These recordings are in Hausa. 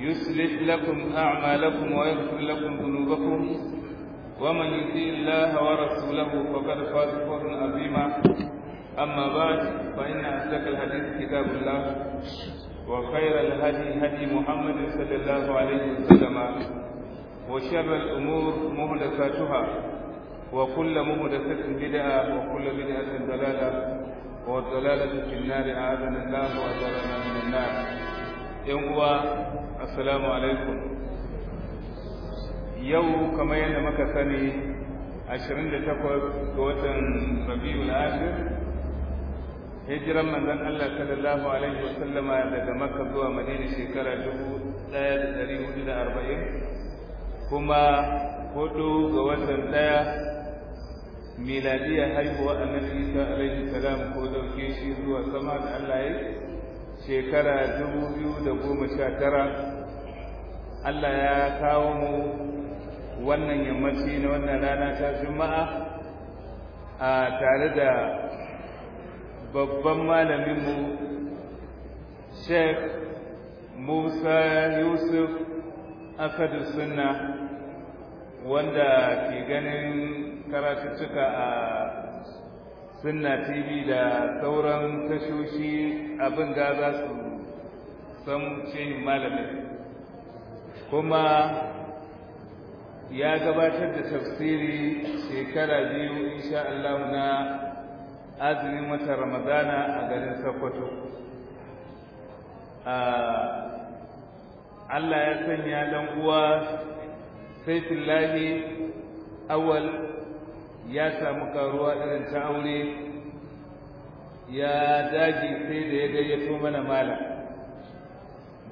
يصلح لكم أعمالكم ويغفر لكم ذنوبكم ومن يطيع الله ورسوله فقد فاز فوزا عظيما أما بعد فإن أصدق الحديث كتاب الله وخير الهدي هدي محمد صلى الله عليه وسلم وشر الأمور مهدساتها وكل مهدسة بدعة وكل بدعة ضلالة والضلالة في النار أعاذنا الله وأجرنا من النار yan uwa assalamu alaikum yau kamar yadda muka sani 28 ga watan rabiul akhir hijiran manzon Allah sallallahu alaihi wasallama daga Makka zuwa Madina shekara 1440 kuma hudu ga watan daya miladiya haihuwa annabi Isa alaihi salam ko dauke shi zuwa sama da Allah ya shekara goma sha tara, Allah ya kawo mu wannan yammaci na wannan rana ta juma'a a tare da babban malaminmu Sheikh Musa Yusuf Akadu Sunna wanda ke ganin karatuttuka a sunna tv da sauran tashoshi abin gaza za su san shehin malamin kuma ya gabatar da tafsiri shekara biyu insha Allah na azumin watan ramadana a garin sokoto Allah ya sanya dan uwa saifullahi awal ya samu karuwa irin ta aure ya daji sai da ya gayyato mana malam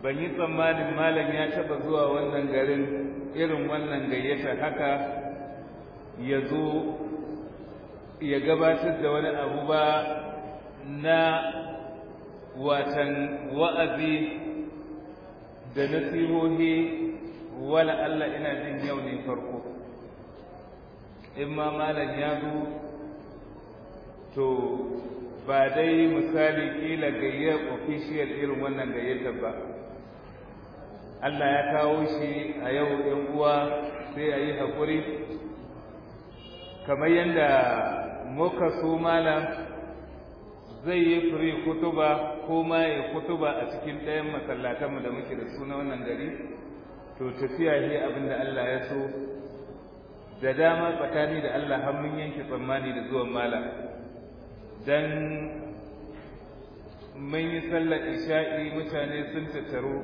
ban yi tsammanin malam ya taba zuwa wannan garin irin wannan gayyata haka ya zo ya gabatar da wani abu ba na watan wa'azi da nasihohi wala Allah ina jin yau ne farko in ma malam ya zo to ba dai misali kila gayyar official irin wannan gayyatar ba Allah ya kawo shi a yau ɗan uwa sai a yi haƙuri kamar yadda muka so malam zai yi firi kutuba ko ma ya kutuba a cikin ɗayan masallatanmu da muke da suna wannan gari to tafiya ne abinda Allah ya so da dama tsakani da Allah har mun yanke tsammani da zuwan malam dan mun yi sallar isha'i mutane sun tattaru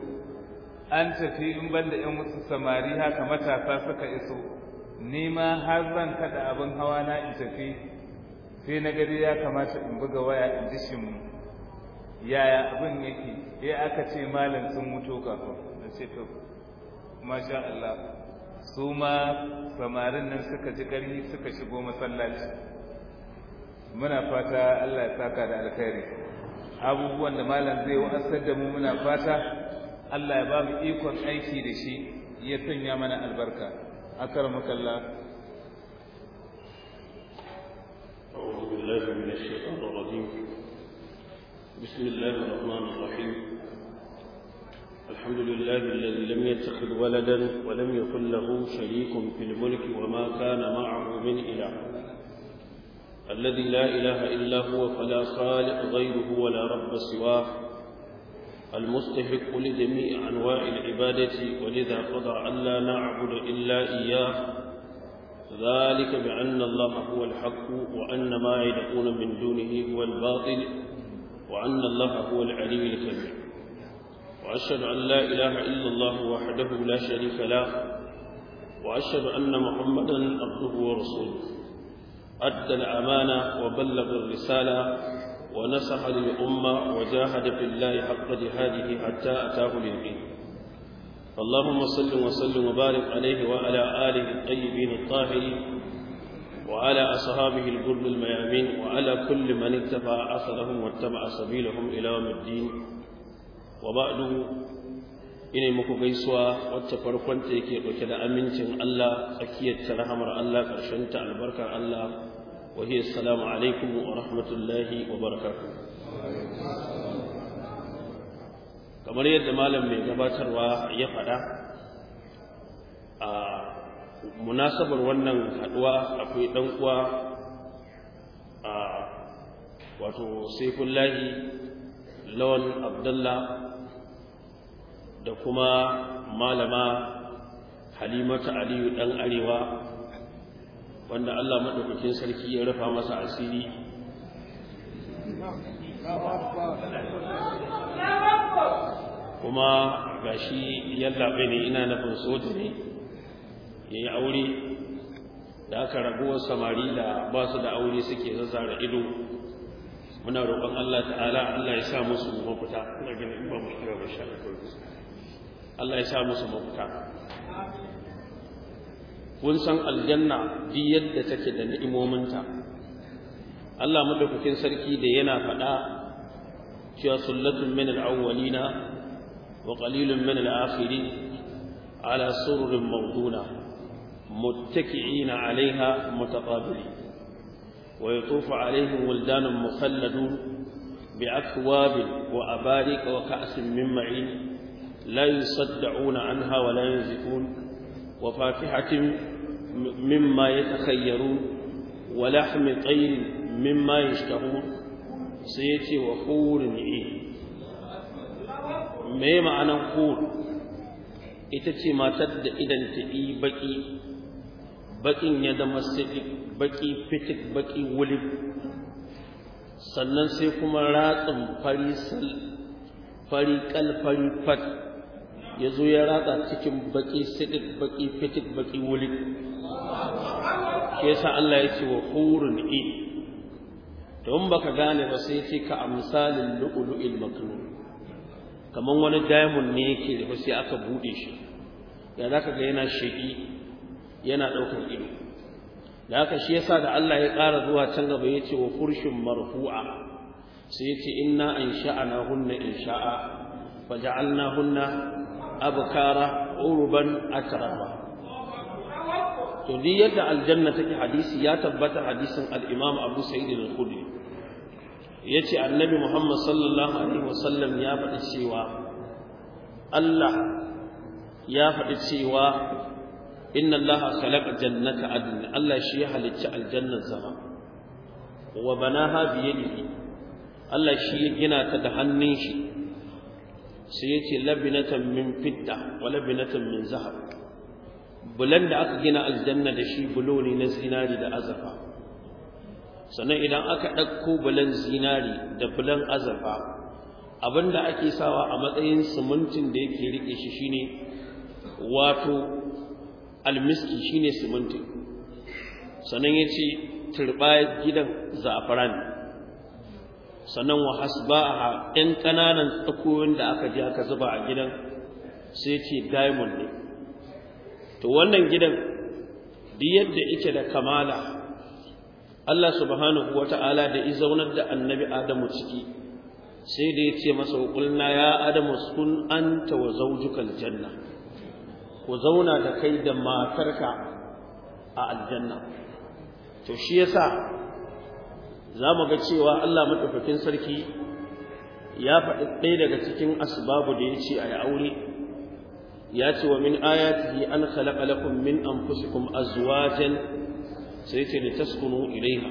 an tafi in ban da ƴan wasu samari haka matasa suka iso ni ma har zan kada abin hawa na in tafi sai na gari ya kamata in buga waya in ji shi yaya abin yake ya aka ce malam sun mutu kafin na ce to masha Allah su ma samarin nan suka ji ƙarfi suka shigo masallaci muna fata Allah ya saka da alkhairi abubuwan da malam zai wa'asar da mu muna fata Allah ya ba mu ikon aiki da shi ya sanya mana albarka akramakallah أعوذ بالله من الشيطان الرجيم بسم الله الرحمن الرحيم الحمد لله الذي لم يتخذ ولدا ولم يكن له شريك في الملك وما كان معه من إله الذي لا إله إلا هو فلا خالق غيره ولا رب سواه المستحق لجميع أنواع العبادة ولذا قضى ألا نعبد إلا إياه ذلك بأن الله هو الحق وأن ما يدعون من دونه هو الباطل وأن الله هو العلي الكبير وأشهد أن لا إله إلا الله وحده لا شريك له وأشهد أن محمدا عبده ورسوله أدى الأمانة وبلغ الرسالة ونصح للأمة وجاهد في الله حق جهاده حتى أتاه اليقين اللهم صل وسلم وبارك عليه وعلى آله الطيبين الطاهرين وعلى أصحابه الجر الميامين وعلى كل من اتبع أثرهم واتبع سبيلهم إلى يوم الدين wa ba'du ina muku gaisuwa wacce farkon ta yake dauke da amincin Allah tsakiyar ta rahamar Allah karshen ta albarkar Allah wa hiya assalamu alaikum wa rahmatullahi wa kamar yadda malam mai gabatarwa ya faɗa a munasabar wannan haɗuwa akwai ɗan uwa a wato saifullahi lawan abdullah da kuma malama halimatu aliyu ɗan arewa wanda allah maɗaukakin sarki ya rufa masa asiri kuma ga shi yallaɓe ne ina nufin soja ne ya yi aure da aka raguwar samari da ba su da aure suke zazzara ido muna roƙon allah ta'ala allah ya sa musu mafita ina ganin ba mu shiga ba sha Allah ya sa musu mafita kun san aljanna duk yadda take da ni'imominta Allah madaukakin sarki da yana faɗa cewa sullatun min al-awwalina wa qalilun min al-akhirin ala sururin mawduna muttaki'ina 'alayha mutaqabilin ويطوف عليهم ولدان مخلدون بأكواب وأبارك وكأس من معين لا يصدعون عنها ولا ينزفون وفاكهة مما يتخيرون ولحم طير مما يشتهون سيتي وحور عين me ma'anan hur ita ce matar da idan ta yi baki bakin ya zama sidik baki fitik baki sannan sai kuma ratsin fari sal fari kal fari fat ya zo ya ratsa cikin baki sidik baki fitit baki wulik shi yasa Allah ya ce wa hurun i, don baka gane ba sai ce ka amsalin lu'lu'il maknun kaman wani diamond ne yake da sai aka bude shi ya zaka ga yana sheki yana daukar ido da haka shi yasa da Allah ya ƙara zuwa can gaba ya ce wa furshin marfu'a sai ya ce inna ansha'ana hunna insha'a faja'alna hunna abkara urban atraba to ni yadda aljanna take hadisi ya tabbata hadisin al-Imam Abu Sa'id al-Khudri yace annabi Muhammad sallallahu alaihi wasallam ya faɗi cewa Allah ya faɗi cewa inna Allah khalaqa jannata adn Allah shi ya halicci aljannar zama wa banaha Allah shi ya gina ta da hannun shi sai ya ce labinatan min fitta wa labinatan min zahar, bulan da aka gina aljanna da shi bulo ne na zinari da azurfa sannan idan aka ɗauko bulan zinari da bulan azurfa abinda ake sawa a matsayin simintin da yake riƙe shi shine wato almiski shine simintin sannan ya ce turɓa gidan za'afaran sannan wa a ɗan ƙananan tsakoyin da aka ji aka zuba a gidan sai ce diamond ne to wannan gidan duk yadda yake da kamala Allah subhanahu ta'ala da i zaunar da annabi Adamu ciki sai da ya ce masa qulna ya Adamu sun anta wa zawjukal janna ku zauna da kai da matarka a aljanna to shi yasa za mu ga cewa Allah maɗaukakin sarki ya faɗi ɗaya daga cikin asbabu da ya ce a yi aure ya ce wa min ayatihi an khalaqa lakum min anfusikum azwajan sai ce litaskunu ilayha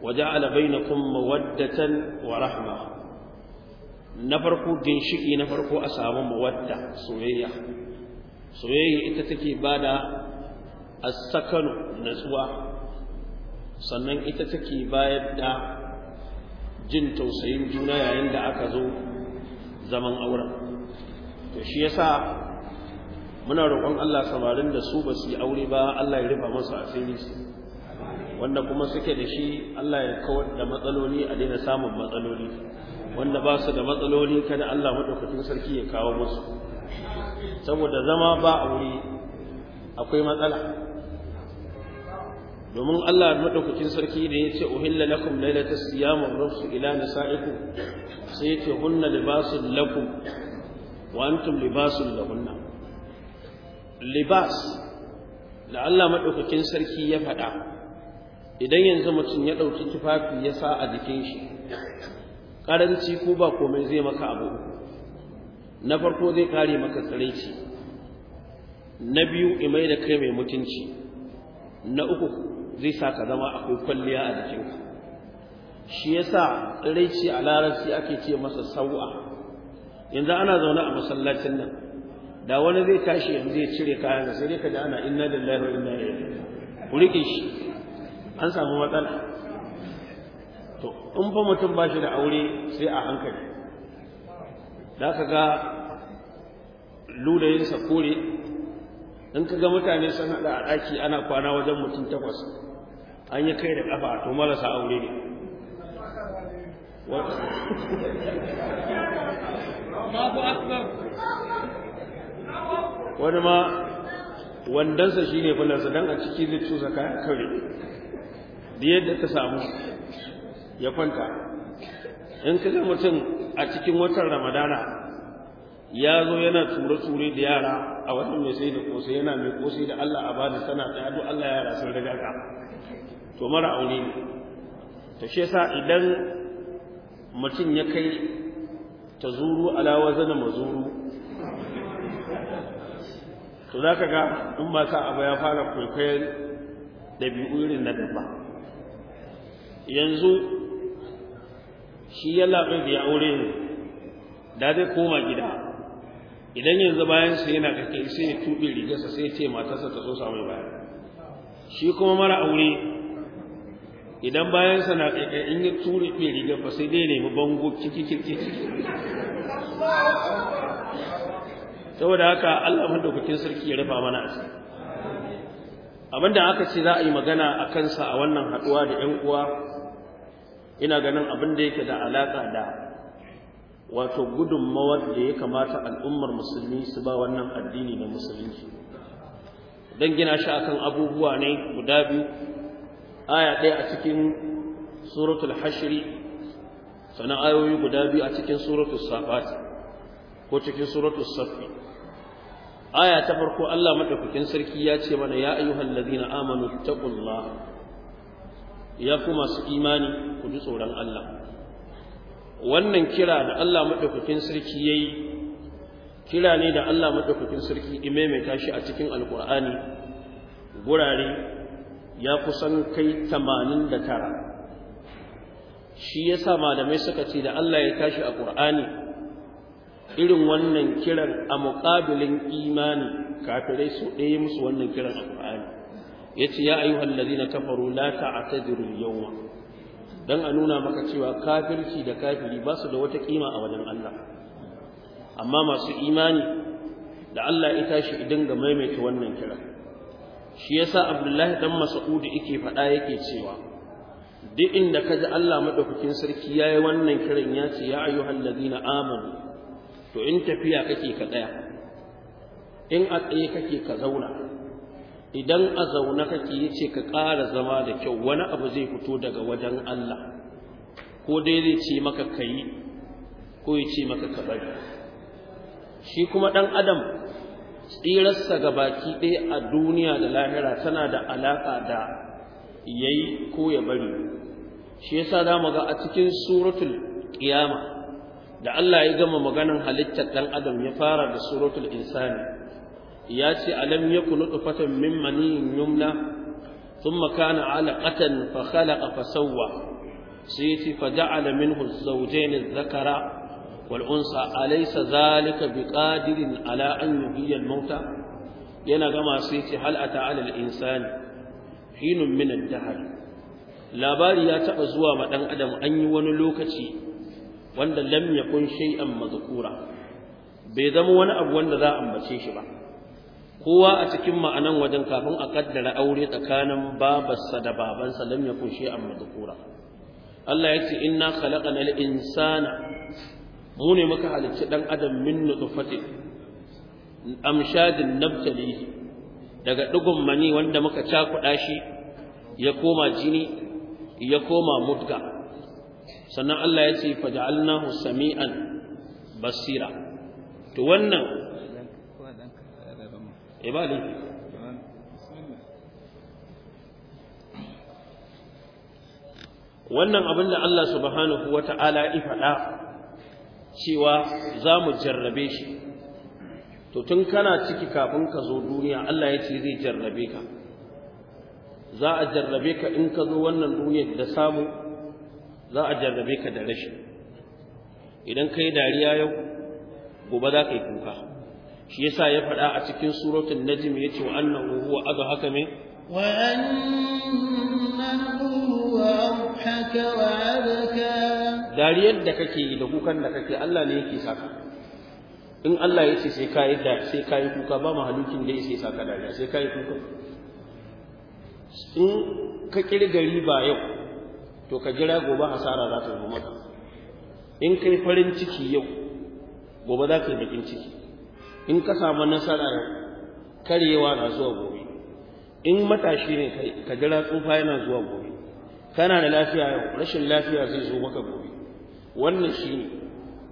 wa ja'ala bainakum mawaddatan wa rahma na farko ginshiki na farko a samu mawadda soyayya soyayya ita take bada as-sakanu natsuwa sannan ita take bayar da jin tausayin juna yayin da aka zo zaman auren to shi yasa muna roƙon Allah samarin da su ba su yi aure ba Allah ya rufa masu asiri wanda kuma suke da shi Allah ya kawar da matsaloli a daina samun matsaloli wanda ba su da matsaloli kada Allah maɗaukakin sarki ya kawo musu saboda zama ba aure akwai matsala domin Allah madaukakin sarki da yace uhilla lakum laylata siyam ar-rafs ila nisaikum sai yace hunna libasul lakum wa antum libasul lahunna libas da Allah madaukakin sarki ya faɗa idan yanzu mutum ya ɗauki tufafi ya sa a jikin shi Karanci ko ba komai zai maka abu na farko zai kare maka tsiraici na biyu imai da kai mai mutunci na uku zai sa ka zama akwai kwalliya a jikinka shi yasa tsiraici a larabci ake ce masa sau'a yanzu ana zaune a masallacin nan da wani zai tashi yanzu ya cire kayan sai dai ka ji ana inna lillahi wa inna ilaihi ku rike shi an samu matsala to in fa mutum ba shi da aure sai a hankali da ka ga ludayinsa kore in ka ga mutane sun haɗa a ɗaki ana kwana wajen mutum takwas an yi kai da kafa to marasa aure ne wani ma wandansa shi ne fulansa don a ciki zai cusa kayan kare da yadda ta samu ya kwanta in ka mutum a cikin watan ramadana ya zo yana ture-ture da yara a watan mai sai da kosai yana mai kosai da allah a bada sana ta yadu allah yara sun riga ka to mara aure ne to shi yasa idan mutum ya kai ta zuru ala wazana mazuru to za ka ga in ba sa abu ya fara kwaikwayon ɗabi'u irin na dabba yanzu shi ya laɓe da ya aure ne da zai koma gida idan yanzu bayan sa yana kake sai ya tuɓe rigarsa sai ya ce matarsa ta so samu bayan shi kuma mara aure idan bayan sana in ya ture mai rigar ba sai dai nemi bango ciki saboda haka Allah madaukakin sarki ya rufa mana asiri abinda aka ce za a yi magana a kansa a wannan haɗuwa da ƴan uwa ina ganin abin da yake da alaƙa da wato gudunmawar da ya kamata al'ummar musulmi su ba wannan addini na musulunci don gina shi akan abubuwa ne guda biyu aya ɗaya a cikin suratul hashri sannan ayoyi guda biyu a cikin suratul safat ko cikin suratul safi aya ta farko Allah madaukakin sarki ya ce mana ya na ladina ta taqullah ya fi masu imani ku ji tsoron Allah wannan kira da Allah madaukakin sarki yayi kira ne da Allah madaukakin sarki imaimaita shi a cikin alkur'ani gurare ya kusan kai tamanin da tara shi ya sa malamai suka ce da Allah ya tashi a ƙur'ani irin wannan kiran a muƙabilin imani kafirai su ɗaya musu wannan kiran a ƙur'ani ya ce ya ayyuhan na kafaru a tajirin yawa Don a nuna maka cewa kafirci da kafiri ba su da wata kima a wajen Allah amma masu imani da Allah ya tashi idan ga maimaita wannan kiran shi yasa abdullahi dan mas'ud yake faɗa yake cewa duk inda ka ji Allah madaukakin sarki yayi wannan kiran ya ce ya ayyuhal ladina amanu to in tafiya kake ka tsaya in a tsaye kake ka zauna idan a zauna kake yace ka ƙara zama da kyau wani abu zai fito daga wajen Allah ko dai zai ce maka kai ko ya ce maka ka bari shi kuma dan adam tsirarsa ga baki ɗaya a duniya da lahira tana da alaƙa da ya yi ko ya bari shi yasa za mu ga a cikin suratul ƙiyama. da Allah ya gama maganan halittar ɗan adam ya fara da suratul insani ya ce alam yakunu nutfatan min maniyyin yumna Sun makana alaƙatan fa khalaqa fa sawwa sai ce fa ja'ala minhu az-zawjayn wal unsa alaysa zalika biqadirin ala an yuhyiya al mauta yana gama sai ce hal ata ala al insani hinun min ad dahr labari ya taɓa zuwa ma dan adam an yi wani lokaci wanda lam yakun shay'an mazkura bai zama wani abu wanda za a ambace shi ba kowa a cikin ma'anan wajen kafin a ƙaddara aure tsakanin babarsa da babansa lam yakun shay'an mazkura Allah ya ce inna khalaqana al-insana mu ne muka halicci dan adam min nutfatin amshadin nabtalihi daga digon mani wanda muka cakuɗa shi ya koma jini ya koma mudga. sannan Allah ya ce faja'alnahu sami'an basira to wannan ibali eh, wannan abin da Allah subhanahu wata'ala ya faɗa cewa za mu jarrabe shi to tun kana ciki kafin ka zo duniya Allah ya ce zai jarrabe ka za a jarrabe ka in ka zo wannan duniyar da samu za a jarrabe ka da rashi idan ka yi dariya yau gobe za ka yi kuka shi yasa ya faɗa a cikin suratun najm ya ce wa annahu huwa adhaka min wa annahu huwa wa abka dariyar da kake yi da kukan da kake Allah ne yake saka in Allah ya ce sai ka yi da sai ka yi kuka ba halukin da yake saka dariya sai ka yi kuka in ka kirga riba yau to ka jira gobe hasara za ta zo maka in kai farin ciki yau gobe za ka yi bakin ciki in ka samu nasara karyewa na zuwa gobe in matashi ne ka jira tsufa yana zuwa gobe kana da lafiya yau rashin lafiya zai zo maka gobe wannan shi ne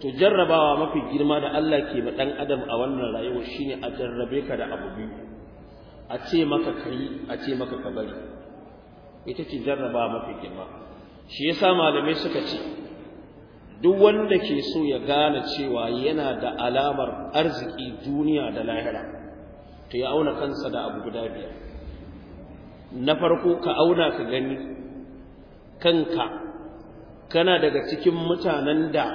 to jarrabawa mafi girma da Allah ke ma ɗan adam a wannan rayuwar ne a jarrabe ka da abu biyu a ce maka yi a ce maka ka bari ita ce jarrabawa mafi girma shi yasa malamai suka ce duk wanda ke so ya gane cewa yana da alamar arziki duniya da lahira to ya auna kansa da abu guda biyar na farko ka auna ka gani kanka kana daga cikin mutanen da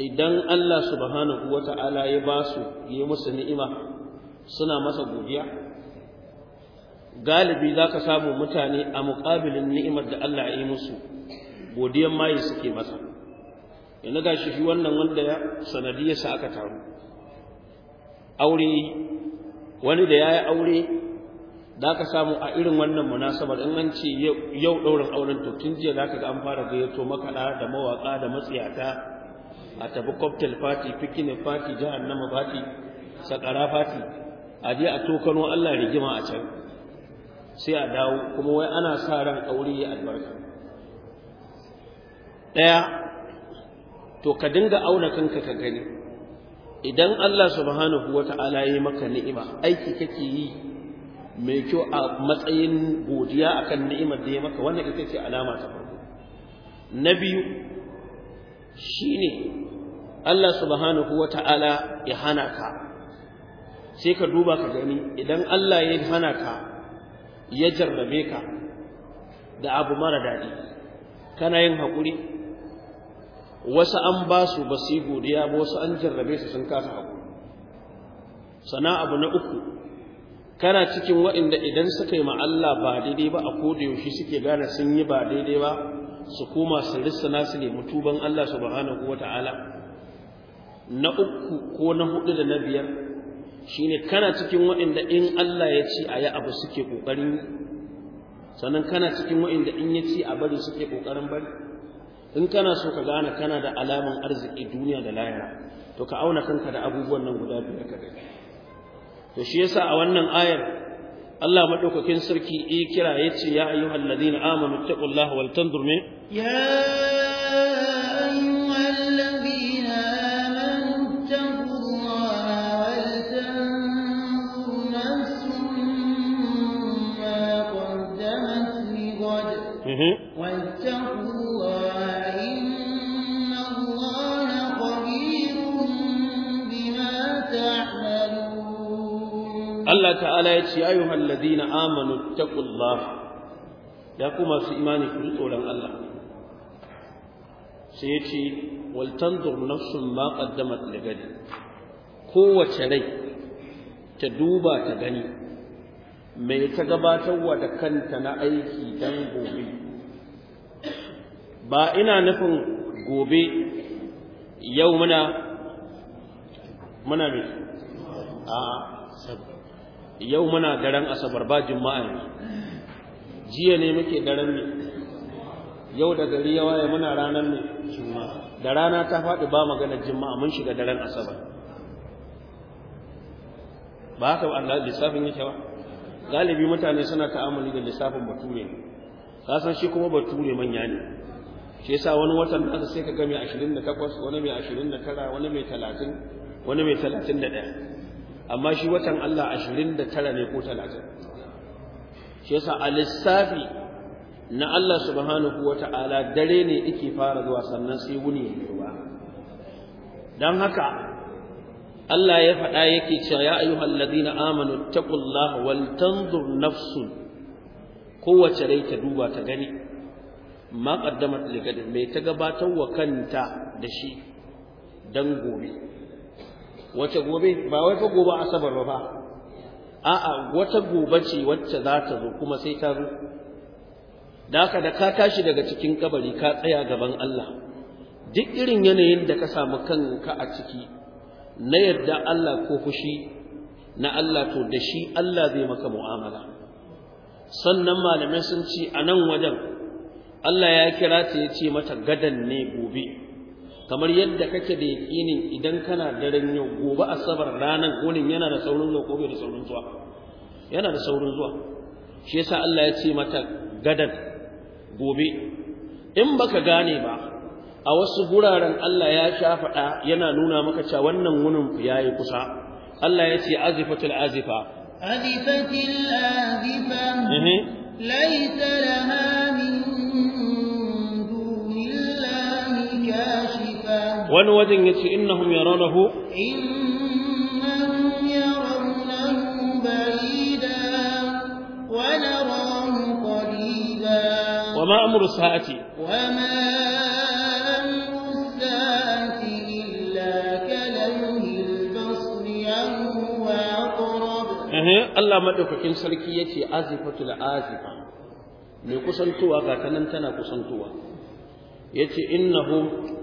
idan Allah subhanahu Ta'ala ya ba su yi musu ni'ima suna masa godiya galibi za ka samu mutane a muƙabilin ni'imar da Allah ya yi musu godiyan maye suke masa yana ga shi wannan wanda ya sanadiyarsa aka taru aure wani da ya yi aure da ka samu a irin wannan munasabar in an ce yau ɗaurin auren to tun jiya za ka ga an fara gayyato makaɗa da mawaƙa da matsiyata a tafi cocktail party picnic party jahannama party sakara party a je a tokano Allah rigima a can sai a dawo kuma wai ana sa ran aure ya albarka ɗaya to ka dinga auna kanka ka gani idan Allah subhanahu wata'ala ya maka ni'ima aiki kake yi mai kyau a matsayin godiya akan ni'imar da ya maka wannan ita ce alama ta farko na biyu shine Allah subhanahu wata'ala ya hana ka sai ka duba ka gani idan Allah ya hana ka ya jarrabe ka da abu mara daɗi kana yin haƙuri wasu an ba su ba godiya ba wasu an jarrabe su sun kasa haƙuri sana abu na uku kana cikin waɗanda idan suka yi Allah ba daidai ba a koda yaushe suke gane sun yi ba daidai ba su koma su rissana su nemi tuban Allah subhanahu wata'ala na uku ko na hudu da na biyar shine kana cikin waɗanda in Allah ya ce a yi abu suke ƙoƙarin sannan kana cikin waɗanda in ya ce a bari suke ƙoƙarin bari in kana so ka gane kana da alamun arziki duniya da lahira to ka auna kanka da abubuwan nan guda biyar ka gani to shi yasa a wannan ayar Allah madaukakin sarki yi kira yace ya ayyuhal ladina amanu taqullaha wal tanzur me ya ayyuhal ladina amanu taqullaha wal tanzur nafsun ma qaddamat li lighad Allah ta'ala ya ce ayyuhal ladina amanu taqullah ya ku masu imani ku tsoron Allah sai ya ce wal tanzur nafsun ma qaddamat gadi kowace rai ta duba ta gani mai ta gabatarwa da kanta na aiki dan gobe ba ina nufin gobe yau muna muna ne a yau muna daren asabar ba juma'a ne. jiya ne muke daren ne yau da gari ya muna ranar ne da rana ta faɗi ba magana juma'a mun shiga daren asabar ba haka ba Allah lissafin yake ba galibi mutane suna ta'amuli da lissafin bature ne ka san shi kuma bature manya ne shi yasa wani watan nasa sai ka ga mai 28 wani mai 29 wani mai 30 wani mai 31 amma shi watan Allah 29 ne ko 30 shi yasa a lissafi na Allah subhanahu wata'ala dare ne yake fara zuwa sannan sai wuni ya dan haka Allah ya faɗa yake cewa ya ayyuhal ladina amanu taqullaha wal tanzur nafsun kowace rai ta duba ta gani ma qaddamat ligadin mai ta gabatar wa kanta da shi dan gobe wace gobe ba wai fa gobe asabar ba a'a wata gobe ce wacce za ta zo kuma sai ta zo da da ka tashi daga cikin kabari ka tsaya gaban Allah duk irin yanayin da ka samu kanka a ciki na yadda Allah ko fushi na Allah to da shi Allah zai maka mu'amala sannan malamai sun ce a nan wajen Allah ya kira ta ya ce mata gadan ne gobe kamar yadda kake da yaƙinin idan kana daren yau gobe asabar ranar gonin yana da saurin zuwa ko bai da saurin zuwa yana da saurin zuwa shi yasa Allah ya ce mata gadan gobe in baka gane ba a wasu guraren Allah ya sha faɗa yana nuna maka cewa wannan wunin yayi kusa Allah ya ce azifatul azifa azifatul azifa laysa laha min wani wajen ya ce innahum yarawnahu innahum yarawnahu ba'ida wa narahu qarida wa ma amru sa'ati wa ma amru sa'ati illa kalamhil basri huwa aqrab eh Allah madaukakin sarki yace azifatul azifa mai kusantowa ga tanan tana kusantowa yace innahum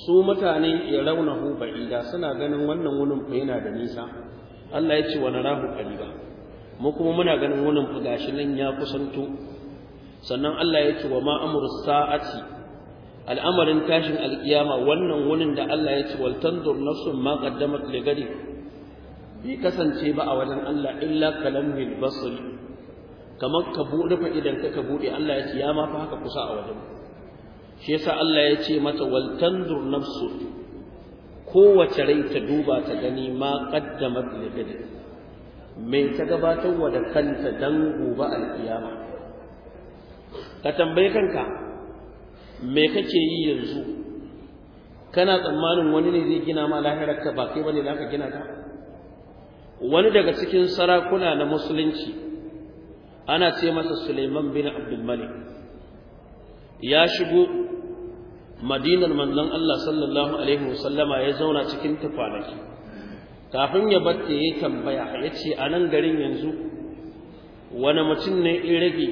su mutane ya raunahu ba'ida suna ganin wannan wunin fa yana da nisa Allah ya ce wa narahu qariba mu kuma muna ganin wunin fa gashi nan ya kusanto sannan Allah ya ce wa ma amru sa'ati al'amarin tashin alkiyama wannan wunin da Allah ya ce wal tanzur nafsun ma qaddamat li gadi bai kasance ba a wajen Allah illa kalamil basri kamar ka bude fa idan ka bude Allah ya ce ya ma fa haka kusa a wajen shi yasa Allah ya ce mata wal tandur nafsu kowace rai ta duba ta gani ma qaddamat li gadi me ta gabatar wa da kanta dan gobe alkiyama ka tambaye kanka me kake yi yanzu kana tsammanin wani ne zai gina ma lahirar ka ba kai bane zaka gina ta wani daga cikin sarakuna na musulunci ana ce masa Suleiman bin Abdul Malik ya shigo madinar manzon Allah sallallahu alaihi wasallama ya zauna cikin ta kafin ya batte ya tambaya ya ce a nan garin yanzu wani mutum ne in rage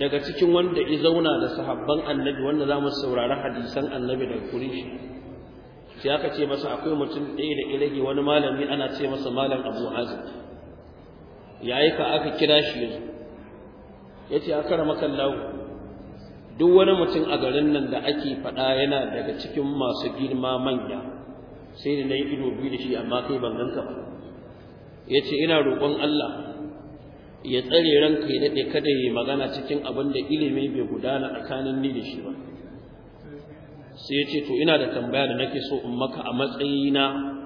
daga cikin wanda ya zauna da sahabban annabi wanda za mu saurari hadisan annabi daga kuri shi aka ce masa akwai mutum ɗaya da irage wani malami ana ce masa malam abu hazin yi ka aka kira shi yanzu ya ce a kara makallahu duk wani mutum a garin nan da ake faɗa yana daga cikin masu girma manya sai da na yi ido biyu da shi amma kai ban ganka ba ya ce ina roƙon Allah ya tsare ranka ya daɗe kada ya yi magana cikin abin da ilimi bai gudana tsakanin ni da shi ba sai ya ce to ina da tambaya da nake so in maka a matsayina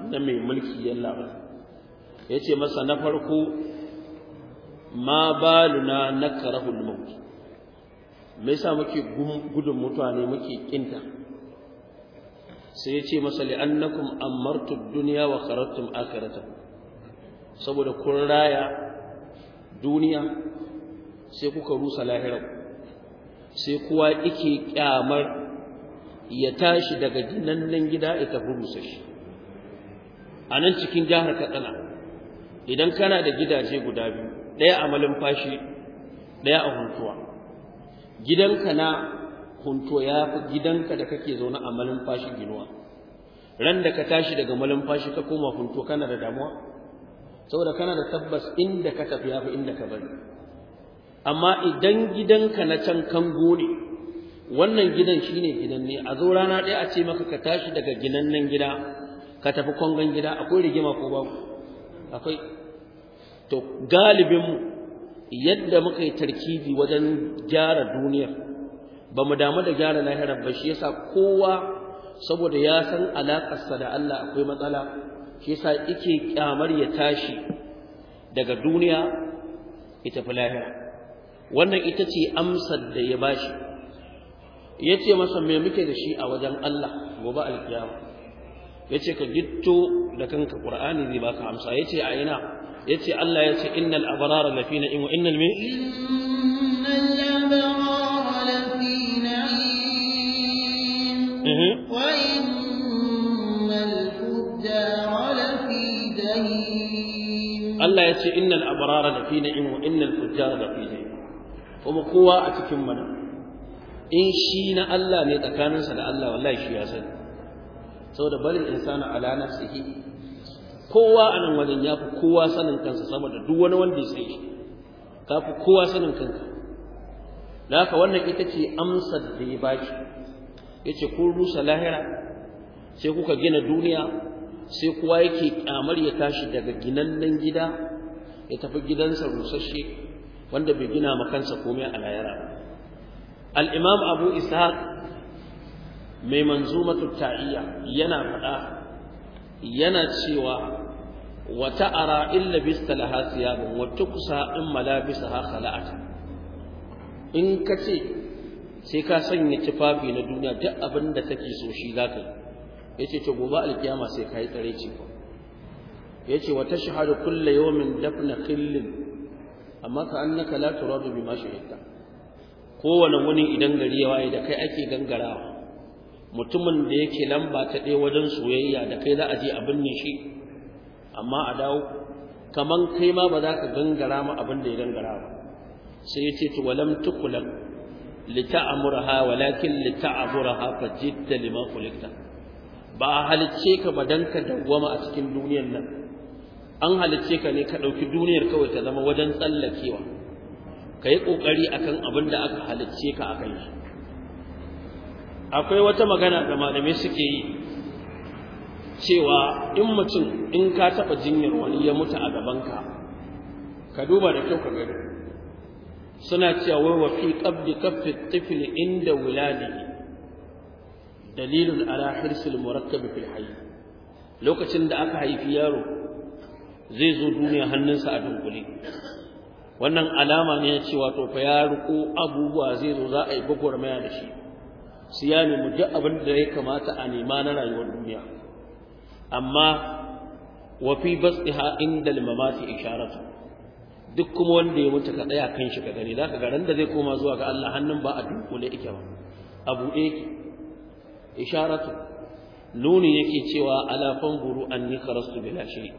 na mai mulki yalla ba ya ce masa na farko ma baluna na karahul me yasa muke gudun mutane muke kinta sai ya ce masa li'annakum ammartu dunya wa karatun akhirata saboda kun raya duniya sai kuka rusa lahirar sai kuwa yake kyamar ya tashi daga ginannan gida ya tafi rusa shi a nan cikin jihar katsina idan kana da gidaje guda biyu ɗaya a fashi, ɗaya a huntuwa gidanka na hunto ya fi gidanka da kake zaune a malin fashi ginuwa ran da ka tashi daga malin fashi ka koma hunto kana da damuwa saboda kana da tabbas inda ka tafi ya fi inda ka bari amma idan gidanka na can kango ne wannan gidan shi ne gidan ne a zo rana ɗaya a ce maka ka tashi daga nan gida ka tafi kwangon gida akwai rigima ko babu akwai to galibinmu. yadda muka yi tarkibi wajen gyara duniya ba mu damu da gyara lahirar ba shi yasa kowa saboda ya san alaƙarsa da Allah akwai matsala shi yasa yake kyamar ya tashi daga duniya ita fi lahira wannan ita ce amsar da ya bashi ya ce masa me muke da shi a wajen Allah gobe alkiyama ya ce ka gito da kanka ƙur'ani zai baka amsa ya ce a ina yace Allah yace innal abrara lafi na'im wa innal min innal abrara lafi na'im mhm. wa innal fujjara lafi jahim Allah yace innal abrara lafi na'im wa innal fujjara lafi jahim kuma kowa a cikin mana in shi na Allah ne tsakaninsa da Allah wallahi shi ya sani saboda barin insana ala nafsihi kowa a nan wajen ya fi kowa sanin kansa sama da duk wani wanda ya sai shi ka fi kowa sanin kanka da haka wannan ita ce amsar da ya baki ya ce kun rusa lahira sai kuka gina duniya sai kowa yake kyamar ya tashi daga ginannen gida ya tafi gidansa rusasshe wanda bai gina ma kansa komai a lahira ba Al'imam abu isa mai manzu ta'iyya yana faɗa yana cewa wata ara illa bista laha thiyabun wa tuksa in ha khala'at in kace sai ka sanya tufafi na duniya duk abin da take so shi zaka yi yace to gobe alkiyama sai kai tsare ce ko yace wata tashhadu kullu yawmin dafna khillin amma ka annaka la turadu bima shahidta kowane wuni idan gari ya waye da kai ake gangarawa mutumin da yake lamba ta ɗaya wajen soyayya da kai za a je a binne shi amma a dawo kaman kai ma ba za ka gangara ma abin da ya gangara ba sai ya ce to walam tukulam lita'amurha walakin fa fajidta liman kulikta ba halicce ka ba dan ka dawwama a cikin duniyar nan an halicce ka ne ka ɗauki duniyar kawai ta zama wajen tsallakewa Ka yi ƙoƙari akan abin da aka halicce ka akan shi akwai wata magana da malamai suke yi cewa in mutum in ka taɓa jinyar wani ya mutu a gabanka ka duba da kyau ka gani suna cewa wai wa fi qabdi kaffi tifl inda wuladi dalilun ala hirsil murakkab fil hayy lokacin da aka haifi yaro zai zo duniya hannunsa a dunkule wannan alama ne ya to fa ya riko abubuwa zai zo za a yi gwagwarmaya da shi su ya nemi duk abin da ya kamata a nema na rayuwar duniya amma wa fi basdiha inda mamati isharatu duk kuma wanda ya mutu ka daya kan shi ka za zaka ga ran da zai koma zuwa ga Allah hannun ba a dunkule yake ba a buɗe yake isharatu nuni yake cewa ala fanguru anni kharastu bila shiri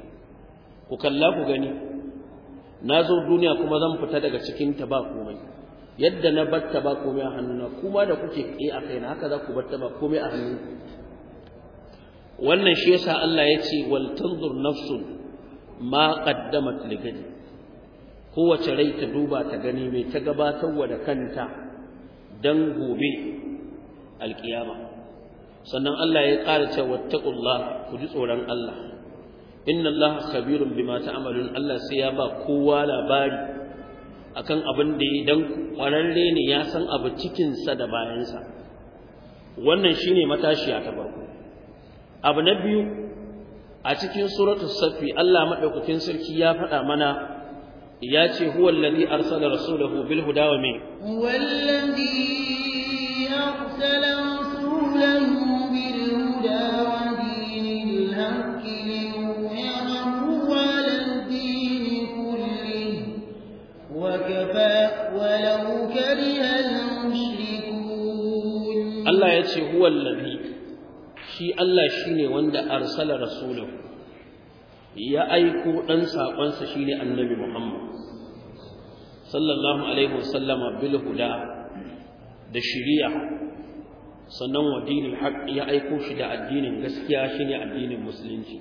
ku kalla ku gani na zo duniya kuma zan fita daga cikin ta ba komai yadda na batta ba komai a hannuna kuma da kuke ƙi a kaina haka za ku batta ba komai a hannunku wannan shi yasa Allah ya ce wal tanzur nafsun ma qaddamat li gadi kowace rai ta duba ta gani mai ta gabatarwa da kanta dan gobe alƙiyama. sannan Allah ya ƙara cewa wattaqullah ku ji tsoron Allah inna Allah khabirun bima ta'malun Allah sai ya ba kowa labari akan abin da ya dan kwararre ne ya san abu sa da bayansa wannan shine matashiya ta farko abu na biyu a cikin suratul safi Allah madaukakin sarki ya faɗa mana ya ce huwal ladhi arsala rasulahu bil huda wa min huwal ladhi arsala rasulahu bil huda wa Allah ya ce huwal ladhi shi Allah shine wanda arsala rasulahu ya aiko dan sakonsa shine annabi Muhammad sallallahu alaihi wasallama bil huda da shiriya sannan wa dinil ya aiko shi da addinin gaskiya shine addinin musulunci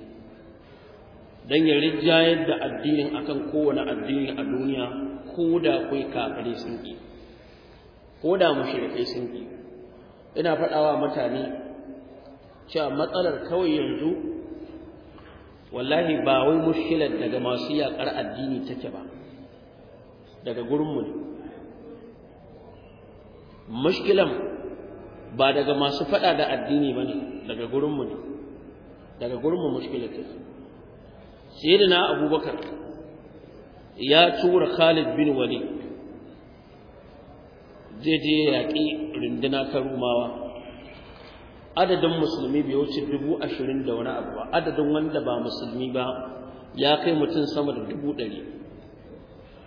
dan ya rijayar da addinin akan kowane addini a duniya ko da kai kafirai sun ki ko da mushrikai sun ki ina faɗawa mutane cewa matsalar kawai yanzu wallahi ba wai mushkilar daga masu yaƙar addini take ba daga gurinmu ne mushkilan ba daga masu faɗa da addini ba ne daga gurinmu ne daga gurinmu mushkilar take sayyidina abubakar ya tura khalid bin walid zai je yaƙi runduna ta rumawa adadin musulmi bai wuce dubu ashirin da wani abu ba adadin wanda ba musulmi ba ya kai mutum sama da dubu ɗari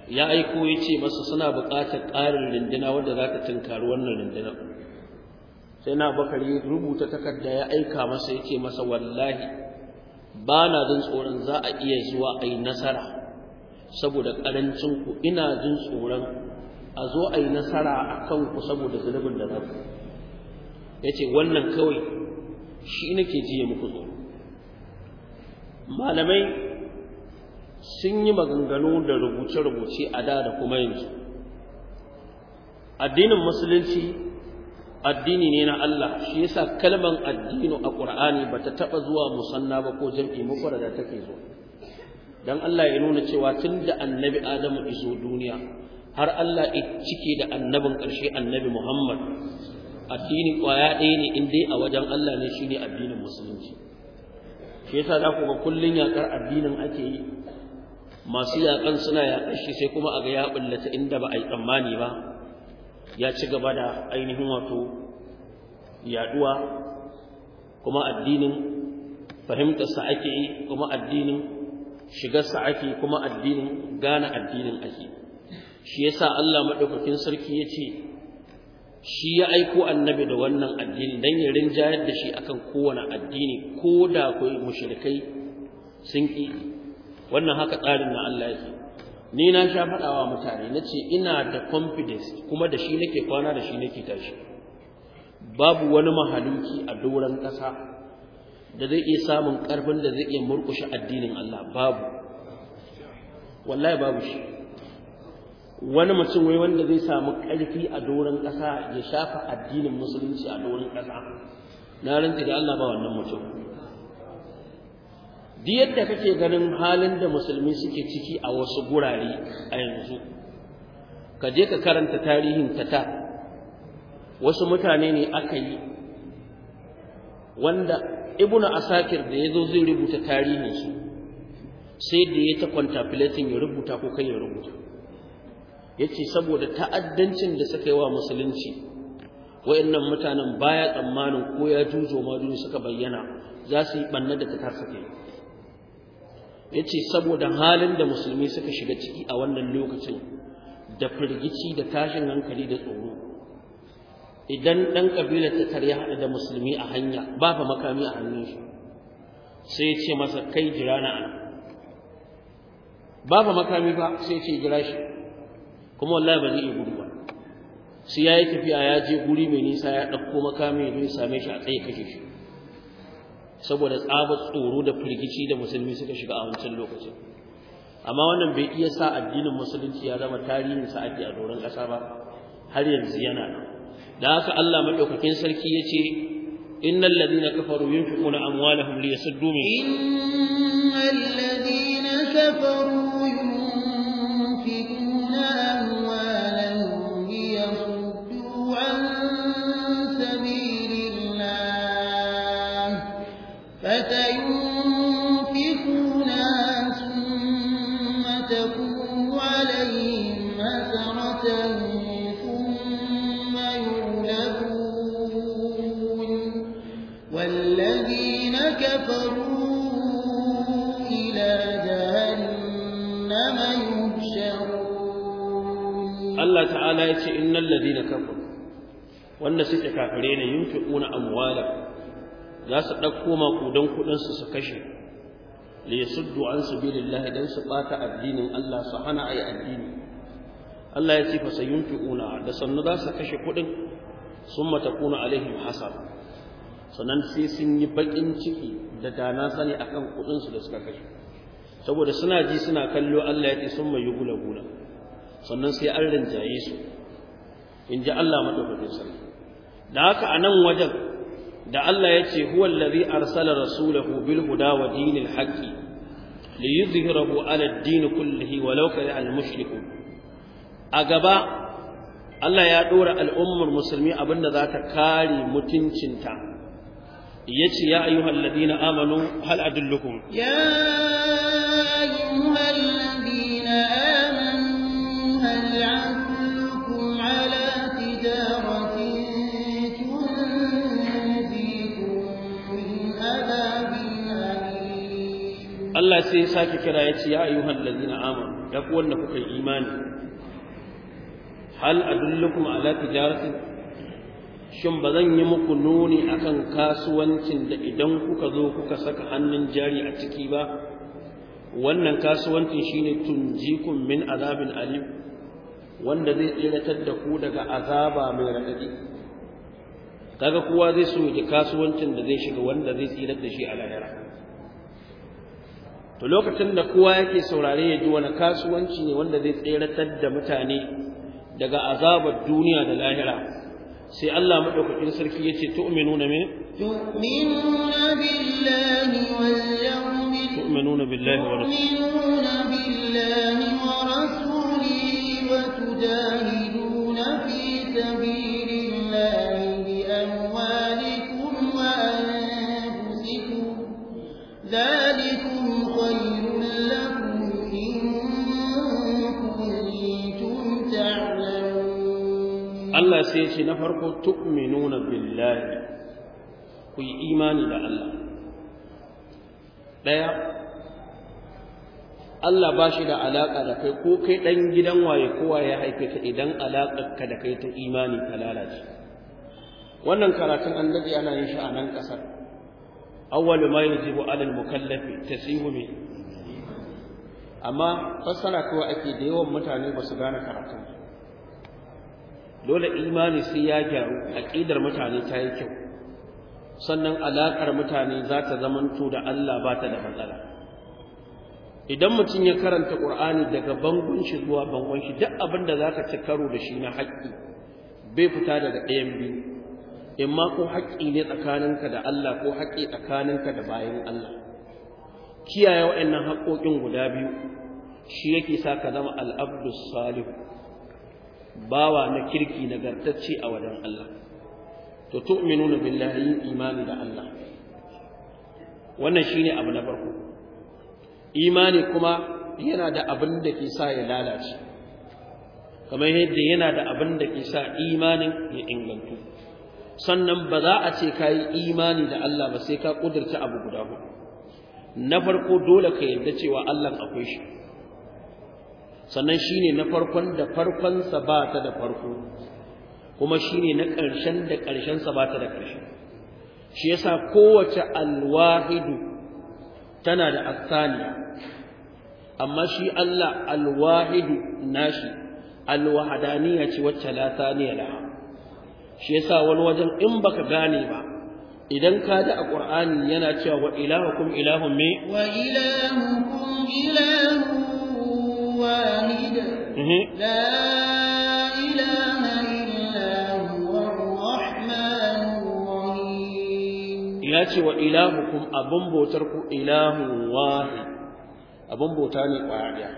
ya aiko ya ce masu suna buƙatar ƙarin rindina wanda za ta tunkari wannan rindina sai na bakari rubuta takarda ya aika masa ya ce masa wallahi ba na jin tsoron za a iya zuwa a yi nasara saboda ƙarancin ku ina jin tsoron a zo a yi nasara a kan ku saboda zunubin da za ku ya ce wannan kawai shi nake jiye muku zo malamai sun yi maganganu da rubuce-rubuce a da da kuma yanzu addinin musulunci addini ne na Allah shi yasa kalmar addinu a Qur'ani ta taɓa zuwa musanna ba ko jam'i da take zo dan Allah ya nuna cewa tunda annabi Adamu iso duniya har Allah ya cike da annabin ƙarshe annabi Muhammad addini kwaya ɗaya ne in dai a wajen Allah ne shine addinin musulunci shi yasa za ku ga kullun yaƙar addinin ake yi masu yaƙan suna yaƙar shi sai kuma a ga ya ɓullata inda ba a yi tsammani ba ya ci gaba da ainihin wato yaɗuwa kuma addinin fahimtarsa ake yi kuma addinin shigarsa ake kuma addinin gane addinin ake yi. shi ya sa Allah maɗaukakin sarki ya ce shi ya aiko annabi da wannan addini dan ya rinjayar da shi akan kowane addini ko da kai mushrikai sun ƙi wannan haka tsarin na Allah yake ni na sha faɗawa mutane na ce ina da confidence kuma da shi nake kwana da shi nake tashi babu wani mahaluki a doron ƙasa da zai iya samun ƙarfin da zai iya murƙushe addinin Allah babu wallahi babu shi wani mutum wai wanda zai samu ƙarfi a doron ƙasa ya shafa addinin musulunci a doron ƙasa na rantsi da Allah ba wannan mutum duk yadda kake ganin halin da musulmi suke ciki a wasu gurare a yanzu ka je ka karanta tarihin ta. wasu mutane ne aka yi wanda ibnu asakir da ya zo zai rubuta tarihinsu sai da ya ta kwanta ya rubuta ko kan ya rubuta yace saboda ta'addancin da suka yi wa musulunci wayannan mutanen baya tsammanin ko ya juzo ma duniya suka bayyana za su yi banna da ta tafi yace saboda halin da musulmi suka shiga ciki a wannan lokacin da firgici da tashin hankali da tsoro idan ɗan ƙabilar ta tare hada da musulmi a hanya ba fa makami a hannun shi sai ce masa kai jira na ana ba fa makami ba sai ce jira shi kuma wallahi ba zai iya gudu ba sai ya yi tafiya ya je guri mai nisa ya ɗauko makami ya same shi a tsaye kashe shi saboda tsabar tsoro da firgici da musulmi suka shiga a wancan lokacin amma wannan bai iya sa addinin musulunci ya zama tarihin sa ake a doron ƙasa ba har yanzu yana nan da haka Allah maɗaukakin sarki yace innal ladina kafaru yunfiquna amwalahum liyasuddu min innal ladina kafaru ya ce innal ladina kafaru wanda suke kafire ne yunfiquna amwala za su dauko makudan kudin su su kashe li yasuddu an sabilillahi dan su bata addinin Allah su hana ayi addini Allah ya ce fa sayunfiquna da sannu za su kashe kudin summa takuna alaihim hasab sannan sai sun yi bakin ciki da dana sani akan kudin su da suka kashe saboda suna ji suna kallo Allah ya ce summa yugula gula sannan sai an rinjaye su in ji Allah madaukakin sarki da haka a nan wajen da Allah ya ce huwa allazi arsala rasulahu bil huda wa dinil haqqi li yuzhirahu ala ad-din kullihi walau kariha al-mushrikun a gaba Allah ya dora al'ummar musulmi abinda za ta kare mutuncinta yace ya ayyuhal ladina amanu hal adullukum ya Allah sai ya sake kira ya ce ya ayyuhan ladina amanu ya ku wanda kuka yi imani hal adullukum ala tijaratin shin ba zan yi muku nuni akan kasuwancin da idan kuka zo kuka saka hannun jari a ciki ba wannan kasuwancin shine tunjikum min azabin alim wanda zai tsiratar da ku daga azaba mai raɗaɗi kaga kowa zai so ya kasuwancin da zai shiga wanda zai tsirar da shi a lahira to lokacin da kowa yake saurare ya ji wani kasuwanci ne wanda zai tseratar da mutane daga azabar duniya da lahira sai Allah madaukakin sarki yace tu'minuna me tu'minuna billahi wal yawmil tu'minuna billahi wa rasulihi wa rasulihi sai ce na farko tu'minuna billahi ku yi imani da Allah daya Allah ba shi da alaƙa da kai ko kai ɗan gidan waye kowa ya haife ka idan alaƙarka da kai ta imani ta lalace wannan karatun an ana yin shi a nan ƙasar awwalu ma yajibu alal mukallafi tasihu amma fassara ko ake da yawan mutane ba su gane karatun dole imani sai ya gyaru aqidar mutane ta yi kyau sannan alaƙar mutane za ta zamanto da Allah ba ta da matsala idan mutum ya karanta ƙur'ani daga bangon shi zuwa bangon shi duk abin da za ka ci karo da shi na haƙƙi bai fita daga ɗayan biyu imma ko haƙƙi ne tsakaninka da Allah ko haƙƙi tsakaninka da bayan Allah kiyaye waɗannan haƙƙoƙin guda biyu shi yake sa ka zama al'abdus salihu bawa na kirki nagartacce a wajen Allah to tu'minuna billahi imani da Allah wannan shine abu na farko imani kuma yana da abin da ke sa ya lalace kamar yadda yana da abin da ke sa imanin ya ingantu sannan ba za a ce ka imani da Allah ba sai ka ƙudurta abu guda hudu na farko dole ka yarda cewa Allah akwai shi sannan shi ne na farkon da farkon ba ta da farko kuma shi ne na ƙarshen da ƙarshen ba ta da ƙarshe shi yasa kowace alwahidu tana da athaniya amma shi Allah alwahidu nashi alwahadaniya ce wacce la thaniya laha shi yasa wani wajen in baka gane ba idan ka da ƙur'ani yana cewa wa ilahukum ilahun me wa ilahukum ilahun واحد لا إله إلا هو الرحمن الرحيم ياتي وإلهكم أبن بوتركم إله واحد أبن بوتاني واحد